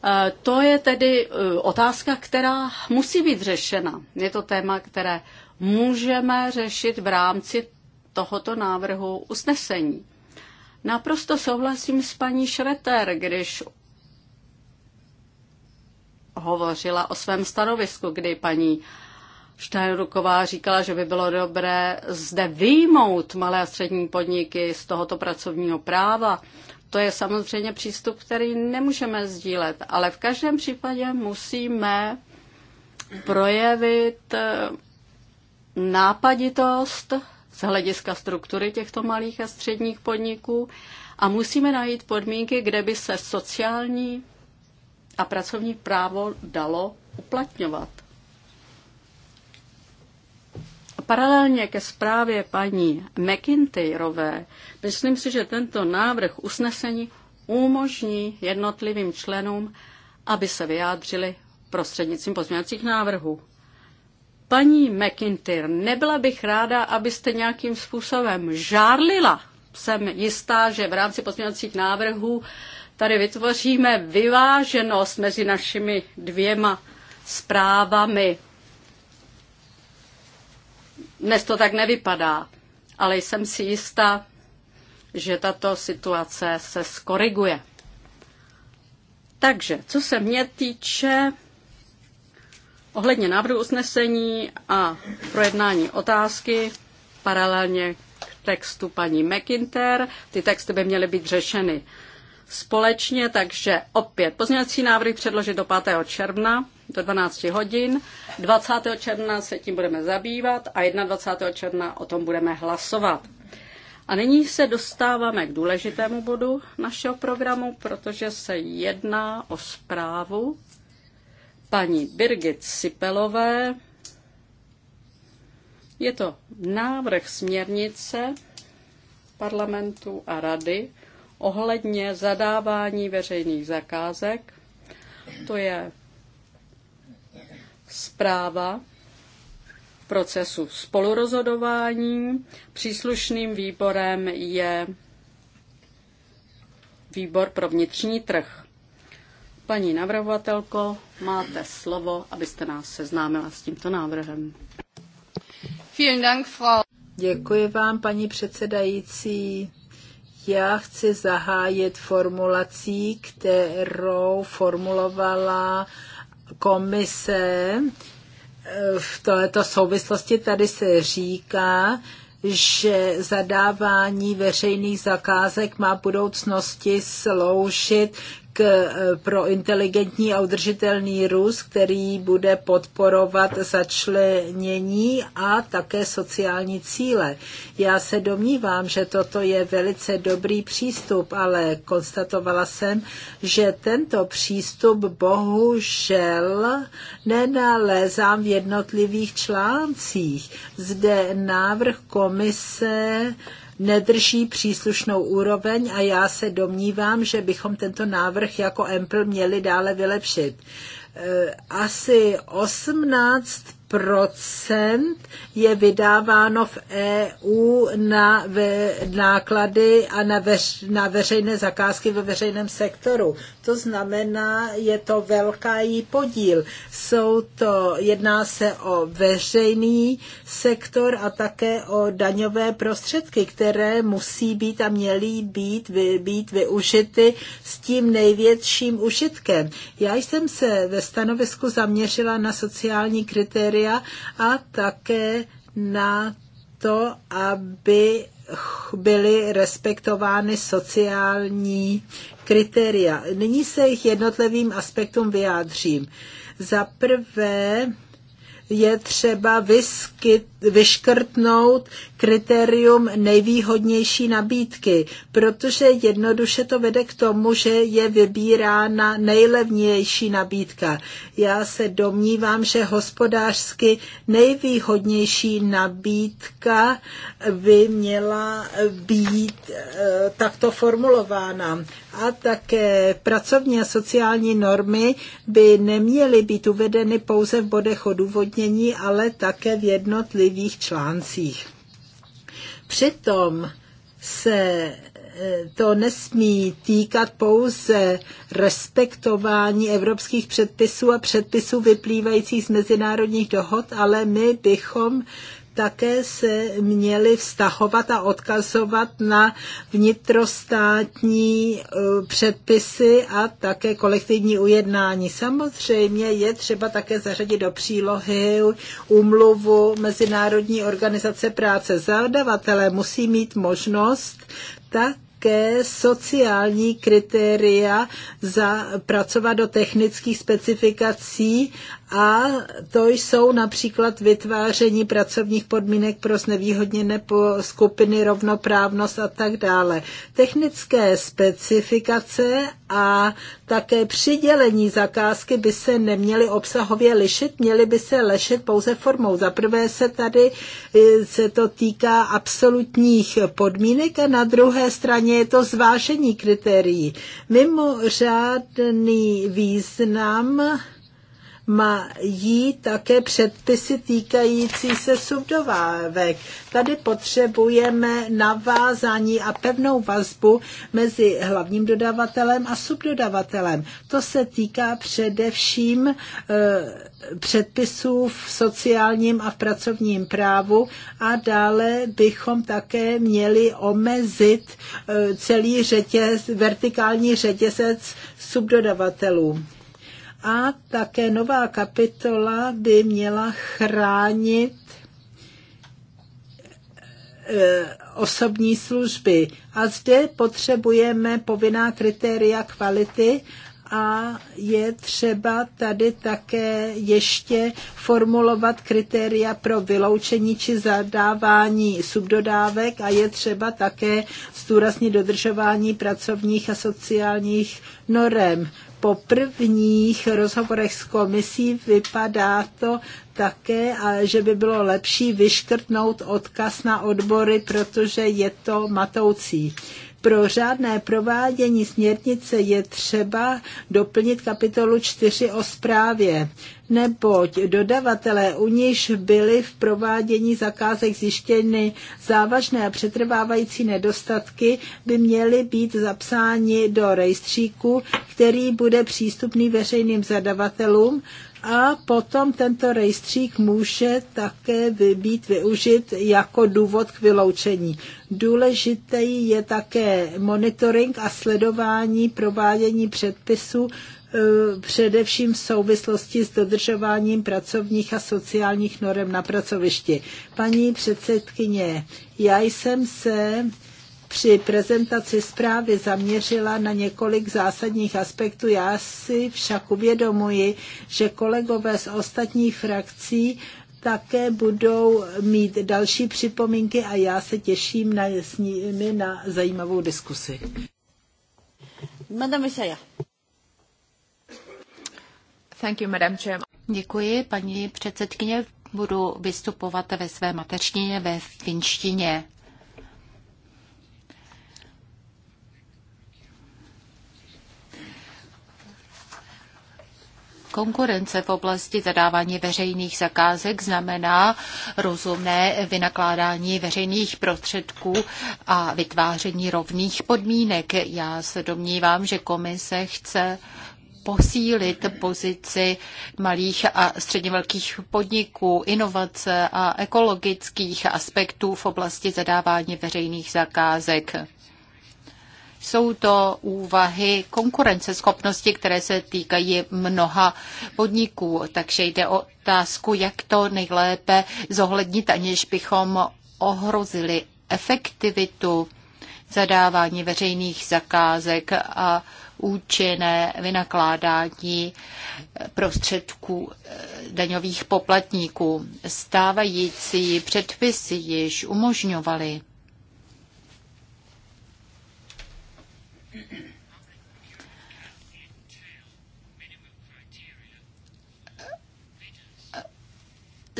Eh, to je tedy eh, otázka, která musí být řešena. Je to téma, které můžeme řešit v rámci tohoto návrhu usnesení. Naprosto souhlasím s paní Šreter, když hovořila o svém stanovisku, kdy paní Štajnruková říkala, že by bylo dobré zde vyjmout malé a střední podniky z tohoto pracovního práva. To je samozřejmě přístup, který nemůžeme sdílet, ale v každém případě musíme projevit eh, nápaditost z hlediska struktury těchto malých a středních podniků a musíme najít podmínky, kde by se sociální a pracovní právo dalo uplatňovat. paralelně ke zprávě paní McIntyrové, myslím si, že tento návrh usnesení umožní jednotlivým členům, aby se vyjádřili prostřednictvím pozměňovacích návrhů. Paní McIntyr, nebyla bych ráda, abyste nějakým způsobem žárlila. Jsem jistá, že v rámci pozměňovacích návrhů tady vytvoříme vyváženost mezi našimi dvěma zprávami. Dnes to tak nevypadá, ale jsem si jistá, že tato situace se skoriguje. Takže, co se mě týče ohledně návrhu usnesení a projednání otázky paralelně k textu paní McInter, ty texty by měly být řešeny společně, takže opět pozměňovací návrhy předložit do 5. června do 12 hodin. 20. června se tím budeme zabývat a 21. června o tom budeme hlasovat. A nyní se dostáváme k důležitému bodu našeho programu, protože se jedná o zprávu paní Birgit Sipelové. Je to návrh směrnice parlamentu a rady ohledně zadávání veřejných zakázek. To je zpráva procesu spolurozhodování. Příslušným výborem je výbor pro vnitřní trh. Paní navrhovatelko, máte slovo, abyste nás seznámila s tímto návrhem. Děkuji vám, paní předsedající. Já chci zahájit formulací, kterou formulovala komise eh, v této souvislosti tady se říká, že zadávání veřejných zakázek má v budoucnosti sloužit Eh, pro inteligentní a udržitelný Rus, který bude podporovat začlenění a také sociální cíle. Já se domnívám, že toto je velice dobrý přístup, ale konstatovala jsem, že tento přístup bohužel nenalézám v jednotlivých článcích. Zde návrh komise nedrží příslušnou úroveň a já se domnívám, že bychom tento návrh jako EMPL měli dále vylepšit e, asi 18 je vydáváno v EU na ve, náklady a na, veř, na veřejné zakázky ve veřejném sektoru. To znamená, je to velký podíl. Jsou to, jedná se o veřejný sektor a také o daňové prostředky, které musí být a měly být, vy, být využity s tím největším užitkem. Já jsem se ve stanovisku zaměřila na sociální kritéria Evangelia a také na to, aby byly respektovány sociální kritéria. Nyní se jich jednotlivým aspektům vyjádřím. Za prvé je třeba vyskyt, vyškrtnout kritérium nejvýhodnější nabídky, protože jednoduše to vede k tomu, že je vybírána nejlevnější nabídka. Já se domnívám, že hospodářsky nejvýhodnější nabídka by měla být eh, takto formulována. A také pracovní a sociální normy by neměly být uvedeny pouze v bodech odůvodnění, ale také v jednotlivých článcích. Přitom se e, to nesmí týkat pouze respektování evropských předpisů a předpisů vyplývajících z mezinárodních dohod, ale my bychom také se měly vztahovat a odkazovat na vnitrostátní e, předpisy a také kolektivní ujednání. Samozřejmě je třeba také zařadit do přílohy úmluvu Mezinárodní organizace práce. Zadavatele musí mít možnost tak ke sociální kritéria zapracovat do technických specifikací a to jsou například vytváření pracovních podmínek pro znevýhodněné skupiny, rovnoprávnost a tak dále. Technické specifikace a také přidělení zakázky by se neměly obsahově lišit, měly by se lišit pouze formou. Za prvé se tady eh, se to týká absolutních podmínek a na druhé straně je to zvážení kritérií. Mimořádný význam mají také předpisy týkající se subdovávek. Tady potřebujeme navázání a pevnou vazbu mezi hlavním dodavatelem a subdodavatelem. To se týká především e, předpisů v sociálním a v pracovním právu a dále bychom také měli omezit e, celý řetěz, vertikální řetězec subdodavatelů a také nová kapitola by měla chránit e, osobní služby. A zde potřebujeme povinná kritéria kvality a je třeba tady také ještě formulovat kritéria pro vyloučení či zadávání subdodávek a je třeba také zdůraznit dodržování pracovních a sociálních norem po prvních rozhovorech s komisí vypadá to také, že by bylo lepší vyškrtnout odkaz na odbory, protože je to matoucí. Pro řádné provádění směrnice je třeba doplnit kapitolu 4 o zprávě, neboť dodavatelé, u níž byly v provádění zakázek zjištěny závažné a přetrvávající nedostatky, by měly být zapsáni do rejstříku, který bude přístupný veřejným zadavatelům, a potom tento rejstřík může také být využit jako důvod k vyloučení. Důležitý je také monitoring a sledování provádění předpisů, e, především v souvislosti s dodržováním pracovních a sociálních norem na pracovišti. Paní předsedkyně, já jsem se při prezentaci zprávy zaměřila na několik zásadních aspektů. Já si však uvědomuji, že kolegové z ostatních frakcí také budou mít další připomínky a já se těším na, s nimi na zajímavou diskusi. Madame Isaya. Thank you, Madame Chair. Děkuji, paní předsedkyně. Budu vystupovat ve své mateřtině ve finštině. konkurence v oblasti zadávání veřejných zakázek znamená rozumné vynakládání veřejných prostředků a vytváření rovných podmínek. Já se domnívám, že komise chce posílit pozici malých a středně velkých podniků, inovace a ekologických aspektů v oblasti zadávání veřejných zakázek. Jsou to úvahy konkurenceschopnosti, které se týkají mnoha podniků, takže jde o otázku, jak to nejlépe zohlednit, aniž bychom ohrozili efektivitu zadávání veřejných zakázek a účinné vynakládání prostředků eh, daňových poplatníků. Stávající předpisy již umožňovaly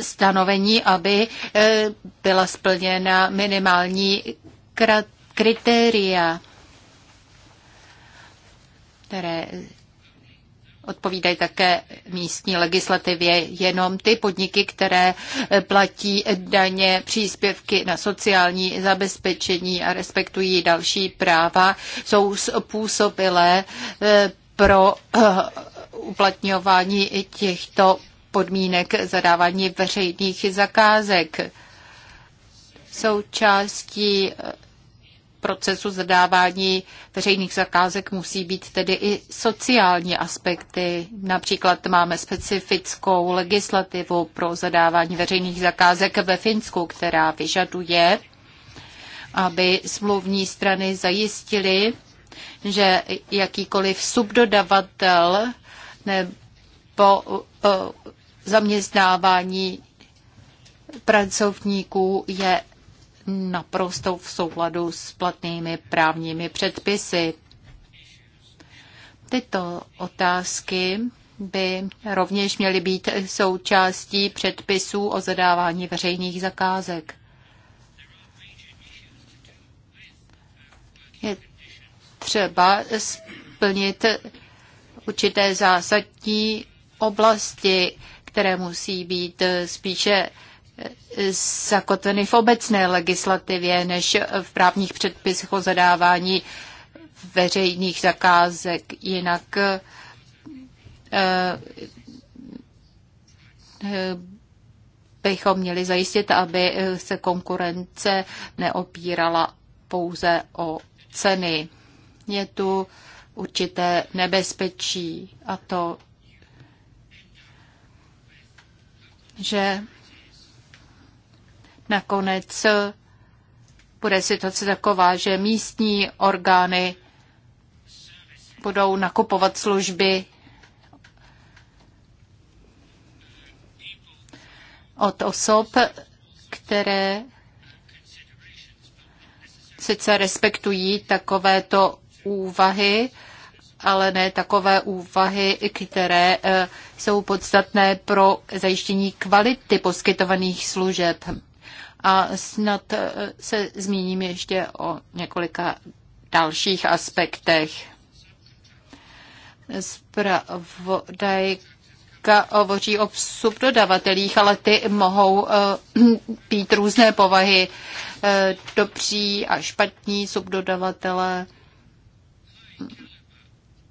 stanovení, aby eh, byla splněna minimální kritéria, které odpovídají také místní legislativě. Jenom ty podniky, které platí daně, příspěvky na sociální zabezpečení a respektují další práva, jsou způsobilé eh, pro eh, uplatňování těchto podmínek zadávání veřejných zakázek. Součástí eh, procesu zadávání veřejných zakázek musí být tedy i sociální aspekty. Například máme specifickou legislativu pro zadávání veřejných zakázek ve Finsku, která vyžaduje, aby smluvní strany zajistily, že jakýkoliv subdodavatel nebo eh, zaměstnávání pracovníků je naprosto v souladu s platnými právními předpisy. Tyto otázky by rovněž měly být součástí předpisů o zadávání veřejných zakázek. Je třeba splnit určité zásadní oblasti, které musí být spíše zakotveny v obecné legislativě než v právních předpisech o zadávání veřejných zakázek. Jinak eh, eh, bychom měli zajistit, aby se konkurence neopírala pouze o ceny. Je tu určité nebezpečí a to, že Nakonec eh, bude situace taková, že místní orgány budou nakupovat služby od osob, které sice respektují takovéto úvahy, ale ne takové úvahy, které eh, jsou podstatné pro zajištění kvality poskytovaných služeb a snad eh, se zmíním ještě o několika dalších aspektech. Zpravodajka hovoří o subdodavatelích, ale ty mohou eh, být různé povahy, eh, dobří a špatní subdodavatele.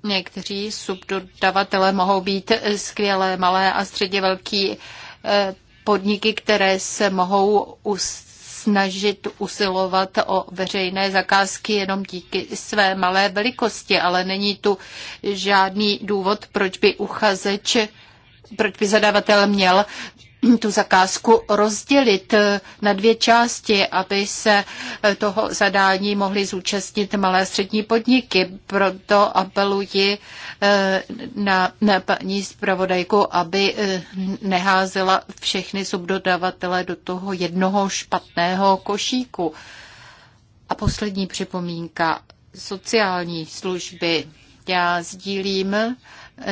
Někteří subdodavatele mohou být skvělé malé a středně velký podniky, které se mohou snažit usilovat o veřejné zakázky jenom díky své malé velikosti, ale není tu žádný důvod, proč by uchazeč proč by zadavatel měl tu zakázku rozdělit na dvě části, aby se toho zadání mohly zúčastnit malé a střední podniky. Proto apeluji eh, na, na paní zpravodajku, aby eh, neházela všechny subdodavatele do toho jednoho špatného košíku. A poslední připomínka. Sociální služby. Já sdílím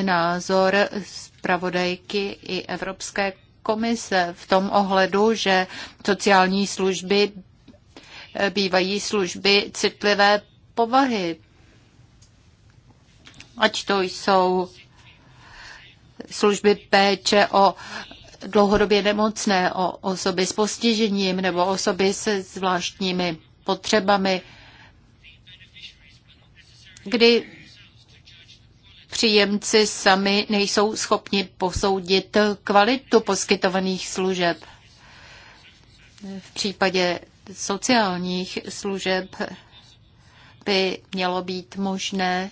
názor zpravodajky i Evropské komise v tom ohledu, že sociální služby bývají služby citlivé povahy. Ať to jsou služby péče o dlouhodobě nemocné, o osoby s postižením nebo osoby se zvláštními potřebami, kdy příjemci sami nejsou schopni posoudit kvalitu poskytovaných služeb. V případě sociálních služeb by mělo být možné,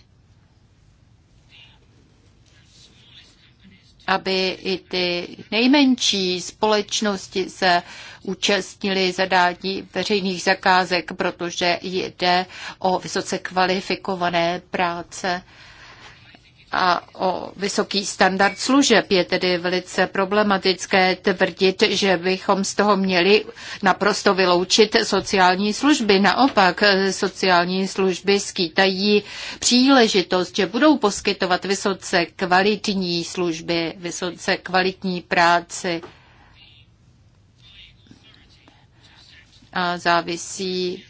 aby i ty nejmenší společnosti se účastnili zadání veřejných zakázek, protože jde o vysoce kvalifikované práce a o vysoký standard služeb. Je tedy velice problematické tvrdit, že bychom z toho měli naprosto vyloučit sociální služby. Naopak, sociální služby skýtají příležitost, že budou poskytovat vysoce kvalitní služby, vysoce kvalitní práci. A závisí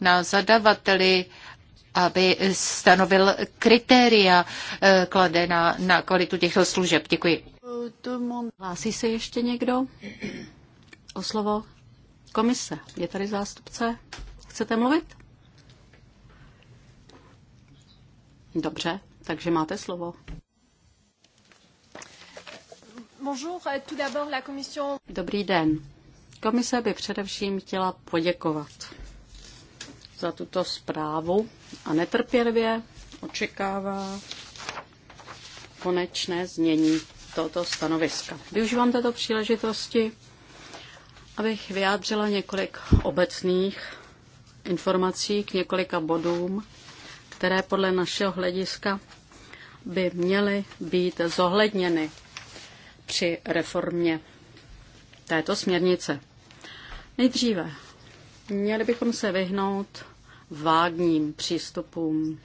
na zadavateli aby stanovil kritéria eh, kladená na kvalitu těchto služeb. Děkuji. Hlásí se ještě někdo o slovo? Komise, je tady zástupce? Chcete mluvit? Dobře, takže máte slovo. Euh, Dobrý den. Komise by především chtěla poděkovat za tuto zprávu a netrpělivě očekává konečné změní tohoto stanoviska. Využívám této příležitosti, abych vyjádřila několik obecných informací k několika bodům, které podle našeho hlediska by měly být zohledněny při reformě této směrnice. Nejdříve Měli bychom se vyhnout vágním přístupům,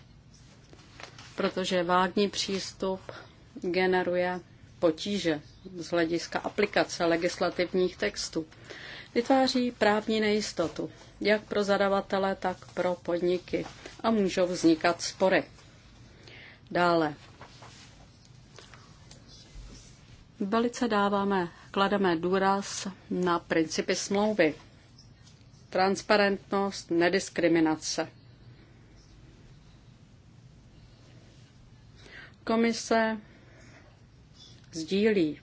protože vágní přístup generuje potíže z hlediska aplikace legislativních textů. Vytváří právní nejistotu, jak pro zadavatele, tak pro podniky a můžou vznikat spory. Dále. Velice dáváme, klademe důraz na principy smlouvy transparentnost, nediskriminace. Komise sdílí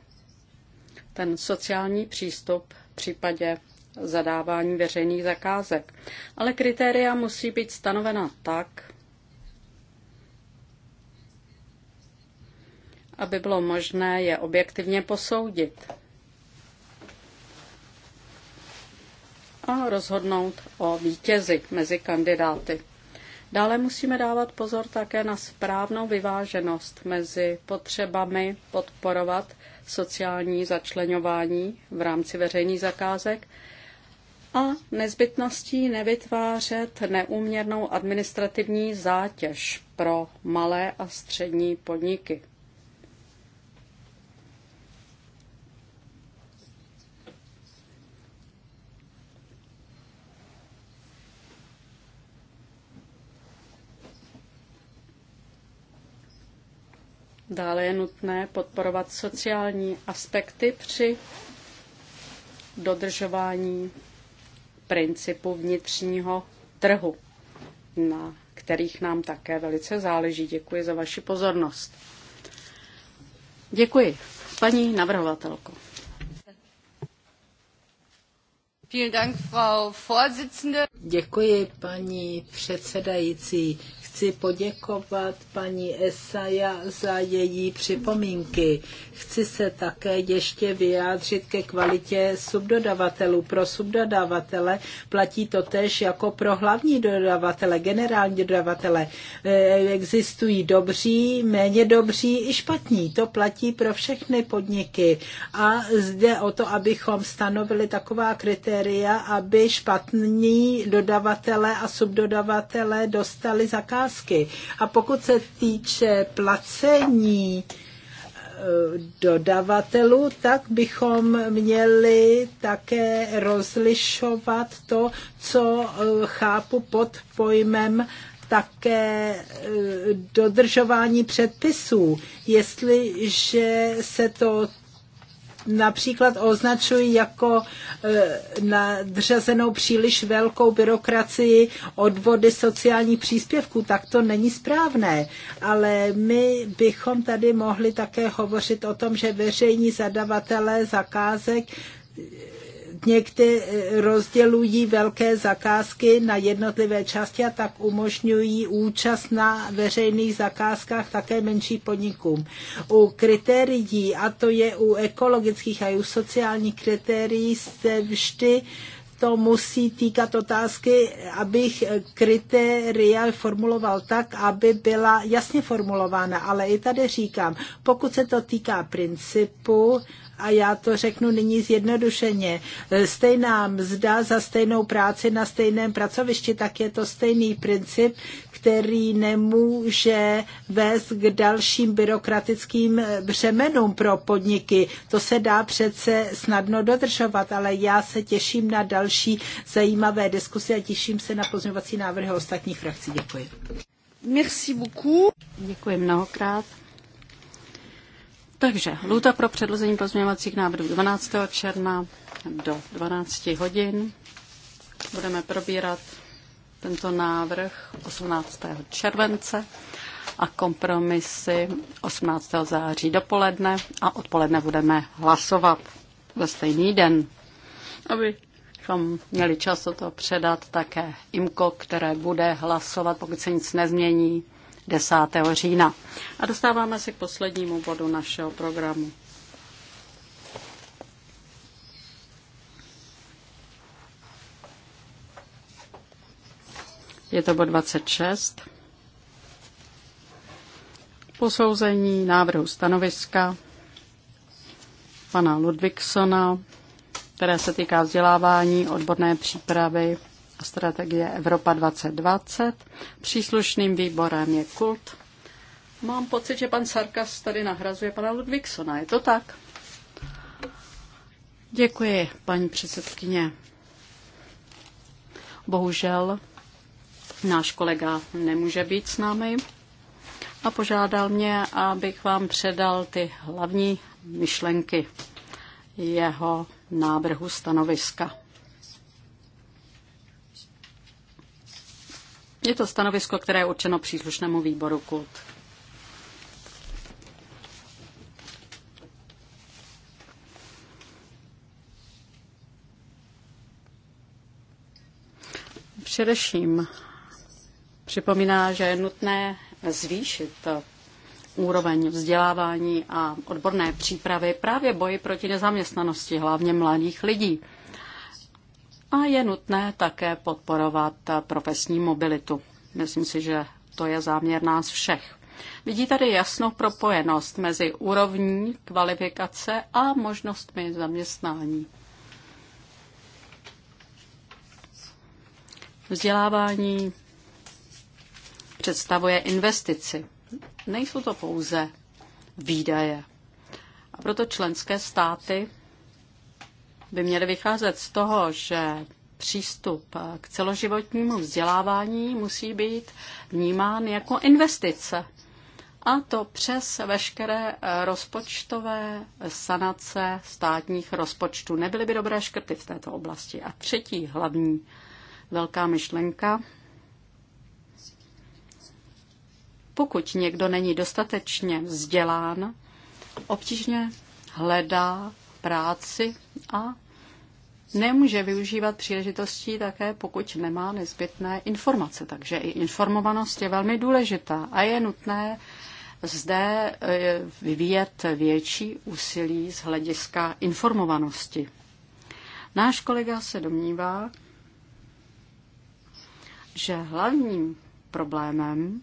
ten sociální přístup v případě zadávání veřejných zakázek. Ale kritéria musí být stanovena tak, aby bylo možné je objektivně posoudit. a rozhodnout o vítězi mezi kandidáty. Dále musíme dávat pozor také na správnou vyváženost mezi potřebami podporovat sociální začlenování v rámci veřejných zakázek a nezbytností nevytvářet neuměrnou administrativní zátěž pro malé a střední podniky. Dále je nutné podporovat sociální aspekty při dodržování principu vnitřního trhu, na kterých nám také velice záleží. Děkuji za vaši pozornost. Děkuji, paní navrhovatelko. Děkuji, paní předsedající. Chci poděkovat paní Esaja za její připomínky. Chci se také ještě vyjádřit ke kvalitě subdodavatelů. Pro subdodavatele platí to tež jako pro hlavní dodavatele, generální dodavatele. E, existují dobří, méně dobří i špatní. To platí pro všechny podniky. A zde o to, abychom stanovili taková kritéria, aby špatní dodavatele a subdodavatele dostali zakázky otázky. A pokud se týče placení eh, dodavatelů, tak bychom měli také rozlišovat to, co eh, chápu pod pojmem také eh, dodržování předpisů. Jestliže se to například označují jako eh, nadřazenou příliš velkou byrokracii odvody sociálních příspěvků, tak to není správné. Ale my bychom tady mohli také hovořit o tom, že veřejní zadavatelé zakázek někdy eh, rozdělují velké zakázky na jednotlivé části a tak umožňují účast na veřejných zakázkách také menší podnikům. U kritérií, a to je u ekologických a u sociálních kritérií, se vždy to musí týkat otázky, abych kritéria formuloval tak, aby byla jasně formulována. Ale i tady říkám, pokud se to týká principu, a já to řeknu nyní zjednodušeně, stejná mzda za stejnou práci na stejném pracovišti, tak je to stejný princip, který nemůže vést k dalším byrokratickým břemenům pro podniky. To se dá přece snadno dodržovat, ale já se těším na další zajímavé diskusy a těším se na pozměňovací návrhy ostatních frakcí. Děkuji. Merci beaucoup. Děkuji mnohokrát. Takže lůta pro předložení pozměňovacích návrhů 12. června do 12 hodin. Budeme probírat tento návrh 18. července a kompromisy 18. září dopoledne a odpoledne budeme hlasovat ve stejný den, aby bychom měli čas to předat také IMKO, které bude hlasovat, pokud se nic nezmění, 10. října. A dostáváme se k poslednímu bodu našeho programu. Je to bod 26. Posouzení návrhu stanoviska pana Ludvigsona, které se týká vzdělávání, odborné přípravy a strategie Evropa 2020. Příslušným výborem je kult. Mám pocit, že pan Sarkas tady nahrazuje pana Ludvíksona. Je to tak? Děkuji, paní předsedkyně. Bohužel náš kolega nemůže být s námi a požádal mě, abych vám předal ty hlavní myšlenky jeho návrhu stanoviska. Je to stanovisko, které je určeno příslušnému výboru KULT. Především připomíná, že je nutné zvýšit úroveň vzdělávání a odborné přípravy právě boji proti nezaměstnanosti, hlavně mladých lidí a je nutné také podporovat profesní mobilitu. Myslím si, že to je záměr nás všech. Vidí tady jasnou propojenost mezi úrovní kvalifikace a možnostmi zaměstnání. Vzdělávání představuje investici. Nejsou to pouze výdaje. A proto členské státy by měly vycházet z toho, že přístup k celoživotnímu vzdělávání musí být vnímán jako investice. A to přes veškeré rozpočtové sanace státních rozpočtů. Nebyly by dobré škrty v této oblasti. A třetí hlavní velká myšlenka. Pokud někdo není dostatečně vzdělán, obtížně hledá práci a nemůže využívat příležitostí také, pokud nemá nezbytné informace. Takže i informovanost je velmi důležitá a je nutné zde eh, vyvíjet větší úsilí z hlediska informovanosti. Náš kolega se domnívá, že hlavním problémem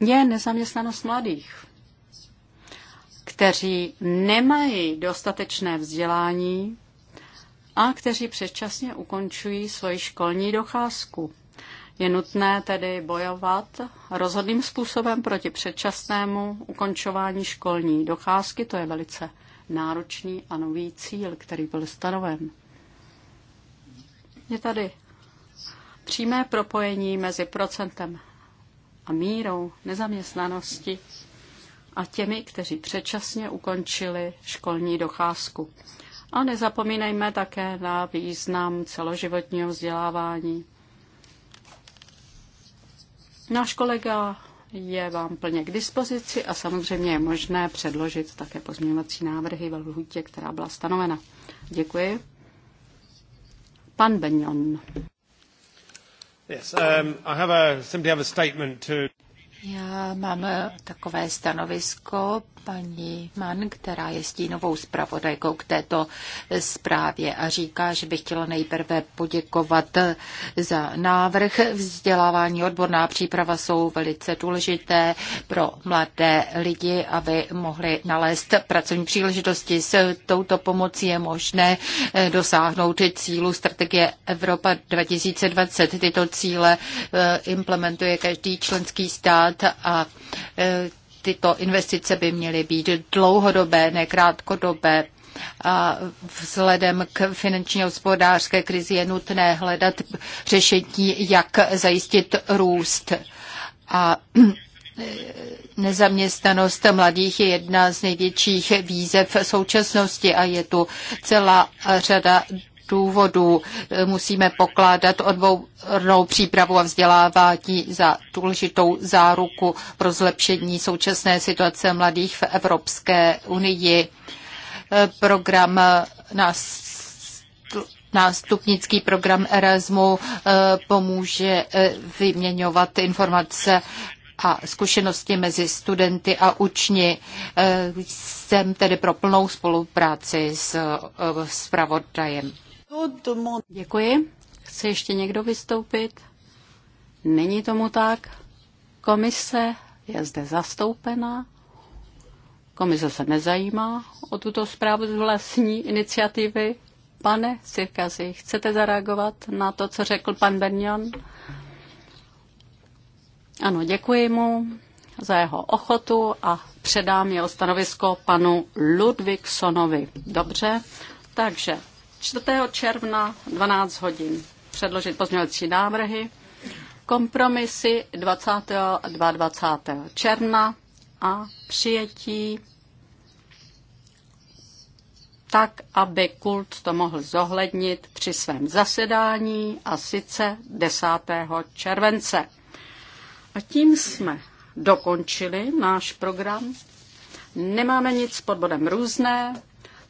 je nezaměstnanost mladých kteří nemají dostatečné vzdělání a kteří předčasně ukončují svoji školní docházku. Je nutné tedy bojovat rozhodným způsobem proti předčasnému ukončování školní docházky. To je velice náročný a nový cíl, který byl stanoven. Je tady přímé propojení mezi procentem a mírou nezaměstnanosti a těmi, kteří předčasně ukončili školní docházku. A nezapomínejme také na význam celoživotního vzdělávání. Náš kolega je vám plně k dispozici a samozřejmě je možné předložit také pozměňovací návrhy ve lhůtě, která byla stanovena. Děkuji. Pan Benjon. Yes, um, I have a, simply have a statement to... Já mám eh, takové stanovisko paní Mann, která je stínovou zpravodajkou k této zprávě a říká, že bych chtěla nejprve poděkovat za návrh. Vzdělávání odborná příprava jsou velice důležité pro mladé lidi, aby mohli nalézt pracovní příležitosti. S touto pomocí je možné dosáhnout cílu strategie Evropa 2020. Tyto cíle eh, implementuje každý členský stát a eh, tyto investice by měly být dlouhodobé, ne krátkodobé. A vzhledem k finanční a hospodářské krizi je nutné hledat řešení, jak zajistit růst. A Nezaměstnanost mladých je jedna z největších výzev v současnosti a je tu celá řada důvodů musíme pokládat odbornou přípravu a vzdělávání za důležitou záruku pro zlepšení současné situace mladých v Evropské unii. Program nás nástupnický program Erasmu eh, pomůže eh, vyměňovat informace a zkušenosti mezi studenty a učni. Eh, jsem tedy pro plnou spolupráci s zpravodajem. Děkuji. Chce ještě někdo vystoupit? Není tomu tak. Komise je zde zastoupena. Komise se nezajímá o tuto zprávu z vlastní iniciativy. Pane Sirkazi, chcete zareagovat na to, co řekl pan Bernion? Ano, děkuji mu za jeho ochotu a předám jeho stanovisko panu Ludvigsonovi. Dobře, takže 4. června 12 hodin předložit pozměňovací návrhy, kompromisy 20. a 22. června a přijetí tak, aby kult to mohl zohlednit při svém zasedání a sice 10. července. A tím jsme dokončili náš program. Nemáme nic pod bodem různé,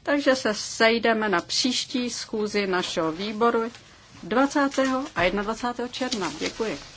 takže se sejdeme na příští schůzi našeho výboru 20. a 21. června. Děkuji.